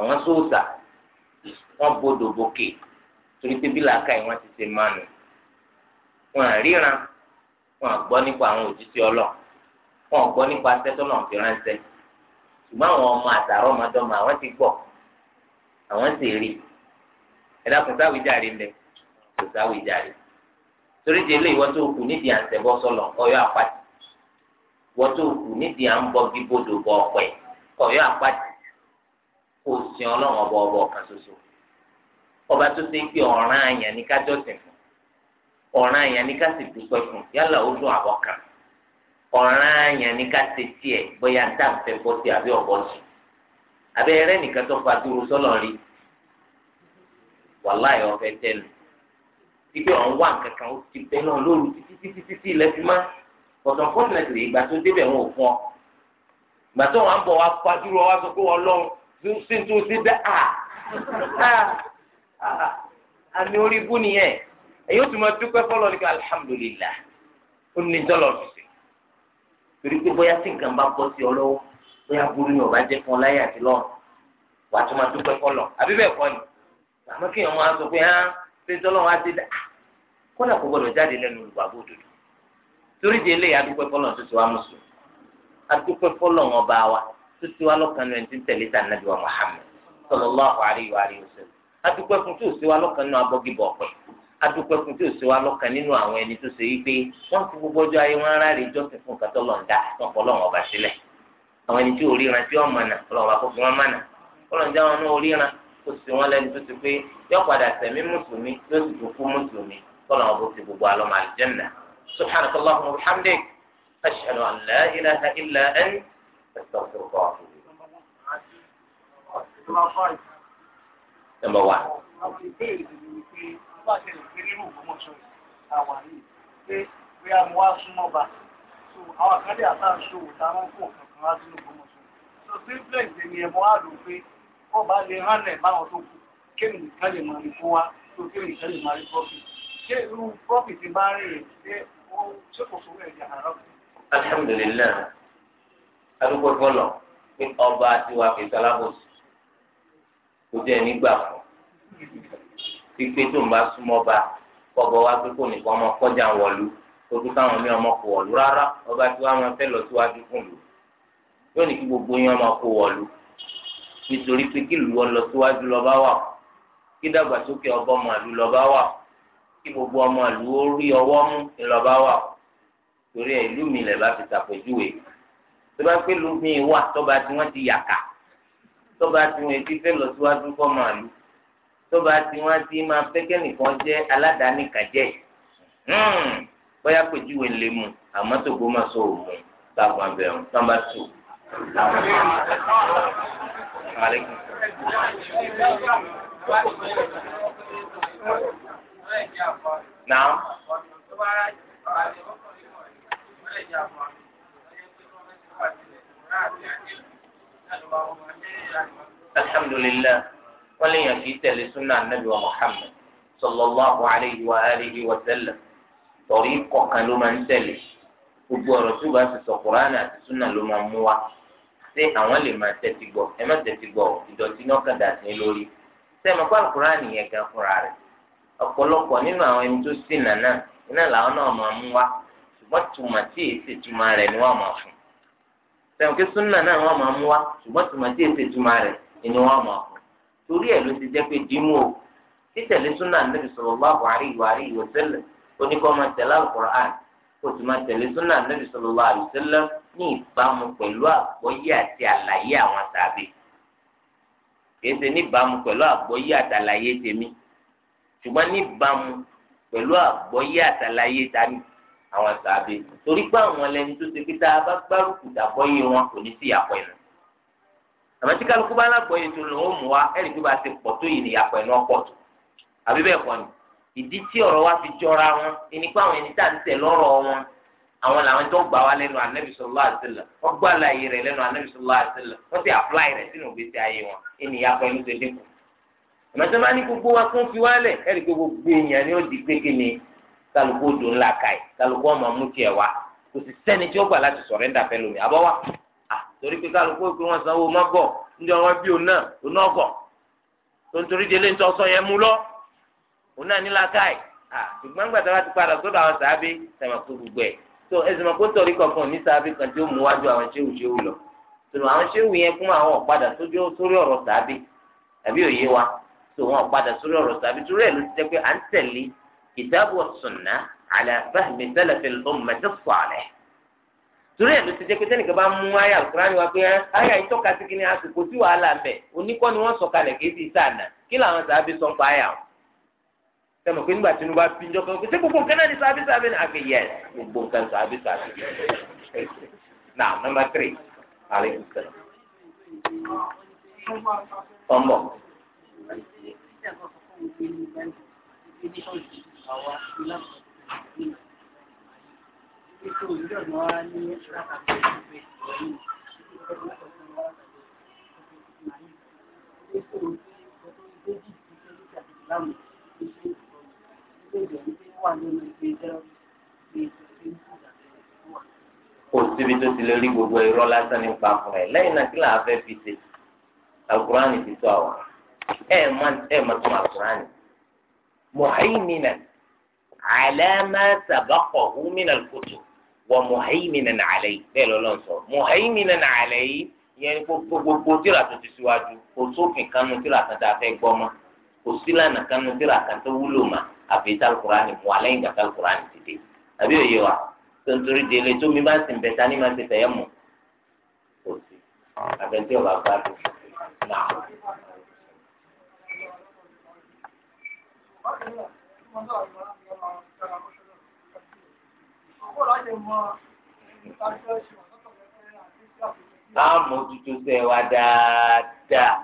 àwọn sóòsà wọ́n bodò bòkè torí pé bí làákàyè wọ́n ti ṣe máa nù. wọn à ríran wọn à gbọ́ nípa àwọn òjíṣẹ́ ọlọ́run wọn à gbọ́ nípa sẹ́tọ́nà ìfiránṣẹ́ ṣùgbọ́n àwọn ọmọ àtàrọ̀ ọmọdọ́mọ àwọn ti gbọ́ àwọn sì rí i ẹ̀dá kò sáwìí jàre ńbẹ kò sáwìí jàre torí di eléyìí wọ́n tó kù nídìí à ń tẹ̀bọ́ sọ̀lọ̀ ọ̀yọ́ àpàtì wọ́n tó kù nídìí à ń bọ́ bíbodò bọ́ ọ̀pẹ ọ̀yọ́ àpàtì kò sí ọlọ́run ọba ọba ọ̀kan ṣoṣo ọba tó ṣe pé ọ̀ràn àyàn ní kájọ́ sìn fún ọ̀ràn àyàn ní ká sì dúpẹ́ fún yálà ó dùn àbọ̀ kan ọ̀ràn àyàn ní ká tiẹ̀ bóyá dáàbò fẹ́ bọ́ sí àbí ọ̀bọ̀ sùn àbẹ́rẹ́ nìkan tó fa dúró sọ́lọ̀ wàláyé ọ̀fẹ́ tẹ́lu ibi ọ̀hún wà kankan ó ti bẹ́ẹ̀ náà lóru títí títí títí ilẹ̀ fi má but unfortunately ìgbà tó débẹ̀ wọn ò fún ọ ìgbà tó wọn bọ̀ wá fadúró wá sọ pé wọn lọ́n sí tó sí bẹ́ẹ̀ à àmì orí bú nìyẹn èyí ó tún máa dúpẹ́ fọlọ́ nípa alhamdulillah ó ní dọ́là ọ̀sẹ̀ torí pé bóyá tí nǹkan bá bọ́ sí ọ lọ́wọ́ bóyá burú ni ọba jẹ́ fún ọ láyé àti lọ́rùn wàá tún máa dúpẹ́ fọlọ́ àbí bẹ́ẹ̀ kọ́ ni àmọ́ kí ọmọ aṣọ pé hàn ah, pé tọ́lọ́wọ́ á ti dá ah, kódà kò gbọdọ̀ jáde lẹ́nu olùgbàgbọ́ òdodo torí di eléyà dúpẹ́ fọlọ́n tó ti wá mùsùlùmí adúpẹ́ fọlọ́n ọba wa tó ti wá lọ́kànnú ẹni tí ń tẹ̀lé ta nàbí wa Muhammad sallallahu alaihi wa alihi wasallam adúpẹ́ fún tí ò sí wa lọ́kànnú abọ́gibọ̀ ọ̀pẹ́ adúpẹ́ fún tí ò sí wa lọ́kàn nínú àwọn ẹni tó ṣe yí pé wọ́n fi gbogbo ọjọ́ ayé wọn rárẹ̀ ìjọsìn fún nǹkan tọ́lọ̀ ń dá wọn kọ́ lọ́wọ́ ọba sílẹ̀ àwọn ẹni tí ò ríran tí wọ́n mọ̀nà akọ́fin wọn mọ̀nà ọlọ́njà wọn náà ò ríran kó sì wọn lẹ́nu tó ti pé yọ padà sẹ̀mí mùsùlùmí yóò sì tún kú mùsùlùmí kọ́nà ọ̀bọ̀ ti gbogbo àlọ́mọ àlùjẹ́nà subhanaka allahumma wa bihamdik ashhadu an la ilaha illa ant astaghfiruka wa atubu ilayk. number one. bóyá mo wá súnmọ́ bá so àwọn àkàndé àtàǹṣòwò táwọn kò kankan wá sínú gbọmọ̀ṣọ́ so simple ìdè ni àdùn pé wọ́n bá lè ránlẹ̀ báwọn tó kù kí ni nǹkan lè máa rí fún wa tó kí ni nǹkan lè máa rí profit ṣé irú profit ti bá rí rè ṣé ó ṣé kò fún ẹ̀jẹ̀ àárọ̀. alhamdulilayi arúgbó gbọ́nà pé ọba tiwa fi sálábòsì kò jẹ́ nígbà fún pípé tó ń bá súnmọ́ bá kọ́bọ̀ wá pé kò nìkan ọmọ kọjá wọ̀lú tóbi káwọn ní ọmọ kò wọ̀lú rárá ọba tiwa máa fẹ́ lọ síwájú fún lu yóò ní kí gbogbo yín ọmọ kò wọ̀lú nítorí pé kí ìlú ọlọ síwájú lọba wà kí dàgbàsókè ọba ọmọ ìlú lọba wà kí gbogbo ọmọ ìlú ó rí ọwọ́ mú ńlọba wà torí ẹ ìlú mi lẹ bá fi ṣàpèjúwe tó bá pé ìlú mi wà tọba tí wọ́n ti yàkà tọba tí wọ́n ti fẹ́ lọ síwájú fọmọ ìlú tọba tí wọ́n ti máa fẹ́kẹ́ nìkan jẹ́ aládàáni kàjẹ́ hmm, bóyá pèjúwe lè mu àmọ́ tó gbó máa sọ òun lágbọn abẹ́rùn tán bá tù. عليه نعم الحمد لله ولن في تل سنة النبي محمد صلى الله عليه وآله وسلم طريق قلوما تلش وبرسوبة سورة القرآن سنة لما ṣé àwọn lè máa tẹ́tí gbọ́ ẹ má gbọ́ ìdọ̀tí náà kàn dà sí lórí sẹ́mi kó àkùrá nìyẹn gan fúnra rẹ̀ ọ̀pọ̀lọpọ̀ nínú àwọn ẹni tó sì nànà iná làwọn náà máa mú wá ṣùgbọ́n tùmọ̀ èsì rẹ̀ ni wọ́n máa fún kí súnà náà wọ́n máa mú wá ṣùgbọ́n èsì rẹ̀ ni wọ́n máa fún torí ẹ̀ ló ti jẹ́ pé dìímù o títẹ̀lé súnà kó sì máa tẹ̀lé súnà nàbì sallallahu alaihi wasallam ní ìbámu pẹ̀lú àgbọ́yé àti àlàyé àwọn tàbí kìí ṣe níbàámu pẹ̀lú àgbọ́yé àtàlàyé tèmi ṣùgbọ́n níbàámu pẹ̀lú àgbọ́yé àtàlàyé tàbí àwọn tàbí torí pé àwọn ẹlẹ́ni tó ṣe pé tá a bá gbárùkù dàgbọ́yé wọn kò ní sí ìyàpọ̀ ẹ̀nà àmọ́ tí kálukú bá lágbọ́yé tó lòun mú wa ẹ̀rí tó bá ìdí tí ọ̀rọ̀ wa fi jọra wọn ẹni pé àwọn ẹni tá a ń tẹ̀ lọ́rọ̀ wọn àwọn làwọn tó gbà wá lẹ́nu anabi sọlá àtìlẹ wọn gbà láàyè rẹ̀ lẹ́nu anabi sọlá àtìlẹ wọn ti àpláì rẹ̀ sínú gbèsè ayé wọn ènìyàn akọ ẹni tó dínkù. ìmọ̀tí wọn ní gbogbo wa kún fi wálẹ̀ ẹ̀rí pé gbogbo èèyàn ni ó di gbégi ni kálukú odò ńlá káì kálukú ọmọ mú tiẹ̀ wá kò sì sẹ́ni tí ó gbà láti sọ̀rẹ́ńdà fẹ́ lómi àbọ̀ wá. torí pé kálukú pé wọn sanwó mọ́gọ̀ ń òun náà ní làákàyè ṣùgbọ́n gbàtà bá ti padà sọ́dọ̀ àwọn sàábé tẹ̀mọ̀ kó gbogbo ẹ̀ tó ẹ̀sìn mọ̀ kó tọ̀rí kankan ní sàábé kan tí ó mú wájú àwọn ṣéwù ṣéwù lọ tòun àwọn ṣéwù yẹn fún àwọn ọ̀padà sójú sórí ọ̀rọ̀ sàábé àbí òye wa tó wọn ọ̀padà sórí ọ̀rọ̀ sàábé torí ẹ̀ ló ti jẹ́ pé à ń tẹ̀lé kìtàbù ọ̀sùnà àlà fahmi salafil ummati salih torí ẹ̀ ló ti jẹ́ pé tẹ́nìkan bá mú àyà alukurani wa pé àyà yìí tọ́ka sí kí ni àsìkò tí wàhálà ń bẹ oníkọ́ ni wọ́n sọ̀kalẹ̀ kéde ìsáànà kí làwọn sàábé sọ ń pa àyà wọn sẹ́mi pé nígbà tí inú bá fi ń jọ́kọ́ pé ṣé gbogbo nǹkan náà ni sàbí sàbí ni àgbẹ̀ yẹ gbogbo nǹkan sàbí sàbí. now number three aleykum salaam. tọ́ḿbọ̀. Thank you kò síbi tó ti lè rí gbogbo irọ́ lásán nípa fún ẹ lẹ́yìn náà kí là á fẹ́ fi ṣe alukurani ti tó àwọn ẹ má ẹ má tún alukurani muhaimina alama sabakọ humina kutu wa muhaimina nàlẹ yìí bẹ́ẹ̀ lọlọ sọ muhaimina nàlẹ yìí yẹn gbogbo gbogbo tíra tó ti síwájú kò sófin kanu tíra tó ta fẹ́ gbọ́ mọ́ kò sí lánàá kan ní síra kan tó wúlò mà àfi tálkùránì mu àlẹ́yìn ìgbà tálkùránì ti dé àbí òye wa tontori délé tó mi bá sì ń bẹ ta ni ti fẹ̀yẹ́ mọ̀ kò sí àbẹ̀tí ọ̀bà gbádùn náà. Àmójútó sẹ́ wa dáadáa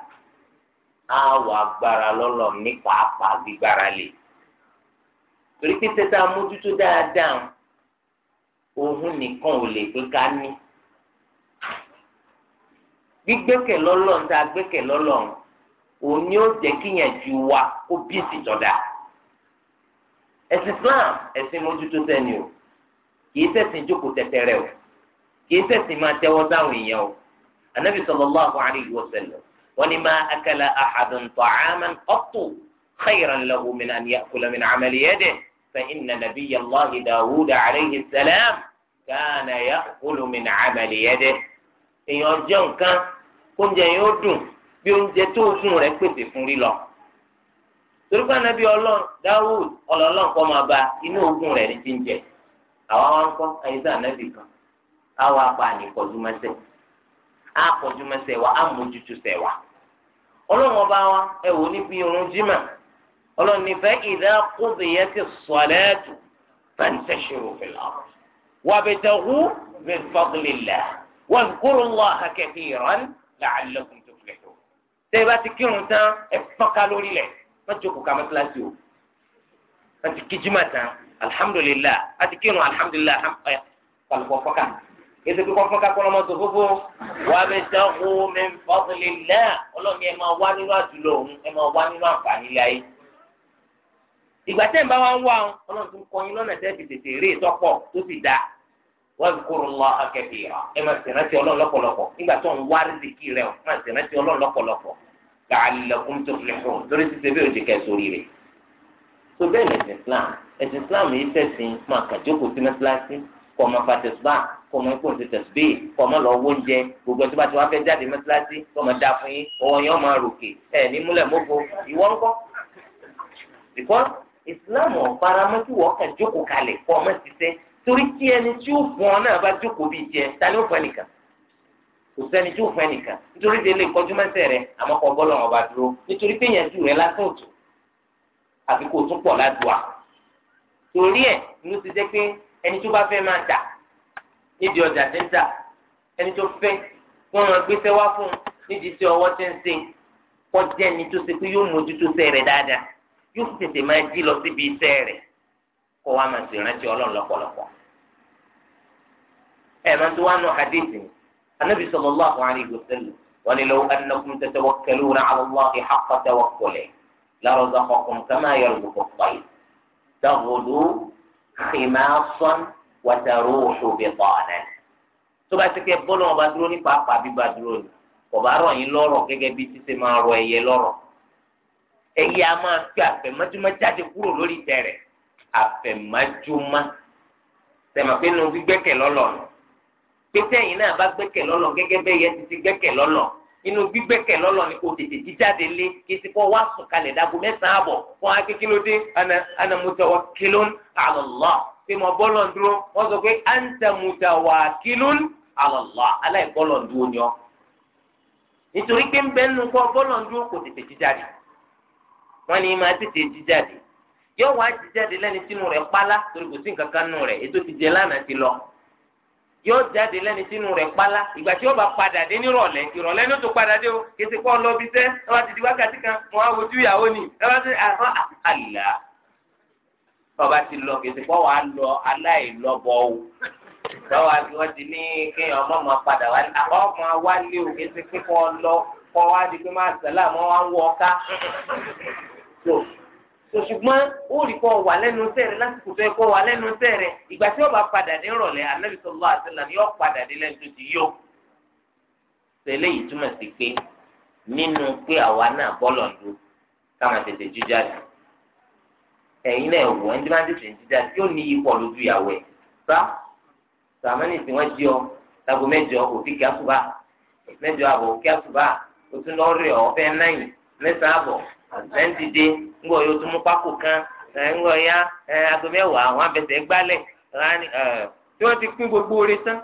àwọ̀ agbára lọ́lọ́ ní pàápàá gbígbára lè. torí pé tẹ́tà mójútó dáadáa òun nìkan ò lè pé ká ní. gbígbẹ́kẹ̀ lọ́lọ́ ń ta gbẹ́kẹ̀ lọ́lọ́ òun ni ó jẹ́ kíyàn ju wa kó bí ìsìtọ́dà. ẹ̀sìn Islam ẹ̀sìn mójútó sẹ́ni o kìí ṣẹ̀sìn jókòó tẹ́tẹ́rẹ́ o kìí ṣẹ̀sìn máa tẹ́wọ́ sáwọn èèyàn o Ànábì sallallahu alaihi wasallam wọ́n ní máa akala ahadun ta'aman qattu khayran lahu min an ya'kula min amali yadihi fa inna nabiyya allahi dawud alayhi salam kana ya'kulu min amali yadihi. èèyàn jẹun kan oúnjẹ yẹn ó dùn bí oúnjẹ tó fún rẹ̀ pèsè fún rí lọ torí pé anabi ọlọ́run dáwùd ọlọ́run kọ́ máa ba inú ogun rẹ̀ ní ti ń jẹ àwa wa ń kọ́ àyíṣà anabi kan àwa apá àní kọjúmọ́sẹ̀ wa á wa ọlọ́run ọba wa ẹ wò níbi irun jimá ọlọ́run nífẹ̀ ìdá qudiyati salatu fantashiru fil ard wabtaghu min fadlillah wadhkurullaha kathiran la'allakum tuflihun. tẹ́lẹ̀ bá ti kírun tán ẹ fọ́nká lórí lẹ̀ wọ́n jókòó ká mọ́tíláṣí o wọ́n ti kí jimá tán alhamdulillah àti kírun alhamdulillah ètò kíkọ́ fún kakọ́ ọmọ tó fúnfún wà á bẹ sẹ́kù mi fọ́tìlì náà ọlọ́run ẹ máa wá nínú àdúlọ̀ òun ẹ máa wá nínú àǹfààní láyé. ìgbà tẹ́ ń bá wa ń wá ọlọ́run tó ń kọ́ yín lọ́nà tẹ́ fi tètè rí ìtọ́pọ̀ tó sì dáa wọ́n kúrò lọ akẹ́kẹ́ yìí ẹ máa sì rántí ọlọ́run lọ́pọ̀lọpọ̀ nígbà tó ń wá rìsíkì rẹ̀ máa sì rántí ọlọ́run lọ́pọ̀lọpọ̀ kọ ọmọ fa tẹsíbà kọ ọmọ ikú ti tẹsíbì kọ ọmọ lọ wó oúnjẹ gbogbo ẹtí bá ti wá fẹ́ jáde mẹsàlásì kọ ọmọ da fún yín ọwọ́ yẹn ọmọ ròkè ẹ ní múlẹ̀ mọgbó ìwọ ńkọ́ because islam ọ̀faramọ́ kí wọ́n kàn jókòó kalẹ̀ kọ ọmọ ṣiṣẹ́ torí kí ẹni tí ó fún ọ náà bá jókòó bíi jẹ ta ni ó fún ẹnìkan kò sẹ́ni tí ó fún ẹnìkan nítorí délé kọjú mẹsẹ rẹ àmọ́ kọ bọlọ ọba dúró nítorí pé yẹn ju rẹ lásán òtò àfi kò tún pọ̀ ládùá torí ẹ̀ ló ti jẹ́ pé ẹni tó bá fẹ́ máa tà nídìí ọjà tí ń tà ẹni tó fẹ́ wọ́n máa gbéṣẹ́ wá fún un nídìí tí ọwọ́ ti ń sìn kọjá ẹni tó ṣe pé yóò mójútó sẹ́ rẹ̀ dáadáa yóò tètè máa jí lọ síbi sẹ́ rẹ̀ kó wa máa sì rántí ọlọ́run lọ́pọ̀lọpọ̀ ẹ̀ máa tó wá nù hadith ni anabi sallallahu alayhi wa sallam ولو أنكم تتوكلون على الله حق توكله لرزقكم كما يرزق الطير تغدو kìmáàsán wàtàrú òṣòbí kọ̀ọ̀nà. tó bá ti kẹ́ bọ́lọ̀ ọba dúró nípa apá bíbá dúró ni kò bá rọ̀ yín lọ́rọ̀ gẹ́gẹ́ bí títí máa rọ ẹyẹ lọ́rọ̀. ẹyẹ a máa fi àfẹ̀mọ́júmọ́ jáde kúrò lórí tẹ̀rẹ̀ àfẹ̀mọ́júmọ́. tẹ̀mọ̀ pé nu gbígbẹ́kẹ̀ lọ́lọ́ pété ẹ̀yin náà bá gbẹ́kẹ̀ lọ́lọ́ gẹ́gẹ́ bẹ́ẹ̀ yẹ títí gbẹ́kẹ̀ lọ́lọ́ inú gbígbẹ́kẹ̀ lọ́lọ́ ni kò tètè jíjáde lé kí ti kọ́ wá sùn kalẹ̀ dágbo mẹ́sàn-án àbọ̀ fún akékinlódé ana mutawakkilun ala Allah pé mo bọ́ lọ́n dúró wọ́n sọ pé anta mutawakkilun ala Allah aláìkọ́ lọ́n dúró ni ọ́ nítorí pé ń bẹ́ nínú kọ́ bọ́ lọ́n dúró kò tètè jíjáde wọ́n ní máa tètè jíjáde yóò wá jíjáde lẹ́ni tínú rẹ̀ pálá torí kò sí nǹkan kan nù rẹ̀ ètò ti jẹ lánàá ti lọ yóò jáde lẹ́ni sínú rẹ̀ pálá ìgbà tí yóò bá padà dé nírọ̀lẹ́ ìrọ̀lẹ́ ní o tó padà dé o kété kọ́ lọ bí sẹ́ ẹ bá ti di wákàtí kan mo á ìyàwó ni ẹ bá ti àwọn àlá bàbá ti lọ kété kọ́ wàá lọ aláìlọ́bọ̀ o lọ́wọ́ àti wọ́n ti ní kéèyàn ọmọọmọ padà wá àwọn ọmọ wa lé o kété kọ́ lọ kọ́ wá di pé má sẹ́lá mọ́ wọ ká ṣùgbọ́n ó rí kọ́ wà lẹ́nu sẹ́rẹ̀ lásìkò tó yẹ kọ́ wà lẹ́nu sẹ́rẹ̀ ìgbà tí ọba padà dé rọ̀lẹ́ Ànábì sallallahu alaihi ni yóò padà dé lẹ́nu tó ti yó. tẹ́lẹ̀ yìí túmọ̀ sí pé nínú pé àwa náà bọ́lọ̀ ń do káwọn tètè jíjáde ẹ̀yin náà wò ẹni tí wọ́n tètè jíjáde yóò ní ipò lójú ìyàwó ẹ̀ sá sàmánì tí wọ́n jí ọ lágbo mẹ́jọ òfi kíásùbà mẹ́jọ àbọ̀ kíásùbà òtún lọ́ọ̀rẹ́ ọ̀ fẹ́ náà mẹ́sàn-án àbọ̀ ẹ̀ ń dìde ńgbọ́ yóò tún mú pákó kan ẹ̀ ńgbọ́ ya ẹ̀ aago mẹ́wàá àwọn abẹ́sẹ̀ gbálẹ̀ rani ẹ̀ tí wọ́n ti pín gbogbo oore tán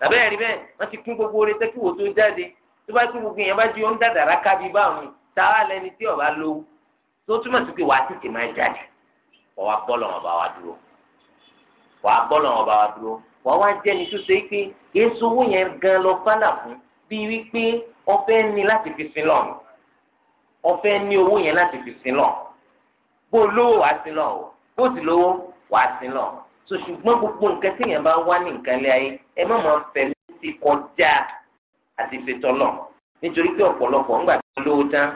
tàbẹ́ ẹ̀rí bẹ́ẹ̀ wọ́n ti pín gbogbo oore tán kí wò tó jáde tó bá tún gbogbo yẹn bá jí ó ń dàdàrà kábí báwọn táwa lẹni tí ọba lówó tó túmọ̀ sí pé wàá tètè máa jáde wàá bọ́ọ̀lù wọn bá wa dúró wàá bọ́ọ̀lù wọn bá wa dúró wàá wá jẹ́ni tó ṣe pé èso owó yẹn gan lọ fálà fún bí wípé ọbẹ̀ ọfẹ ní owó yẹn láti fi sin lọ bó lówó wàá sin lọ o bó sì lówó wàá sin lọ so ṣùgbọ́n gbogbo nǹkan tí yẹn bá wá ní nǹkan lé ayé ẹ má máa fẹ́ ti kọjá àti fetọ́ lọ nítorí pé ọ̀pọ̀lọpọ̀ ńgbà tó lówó tán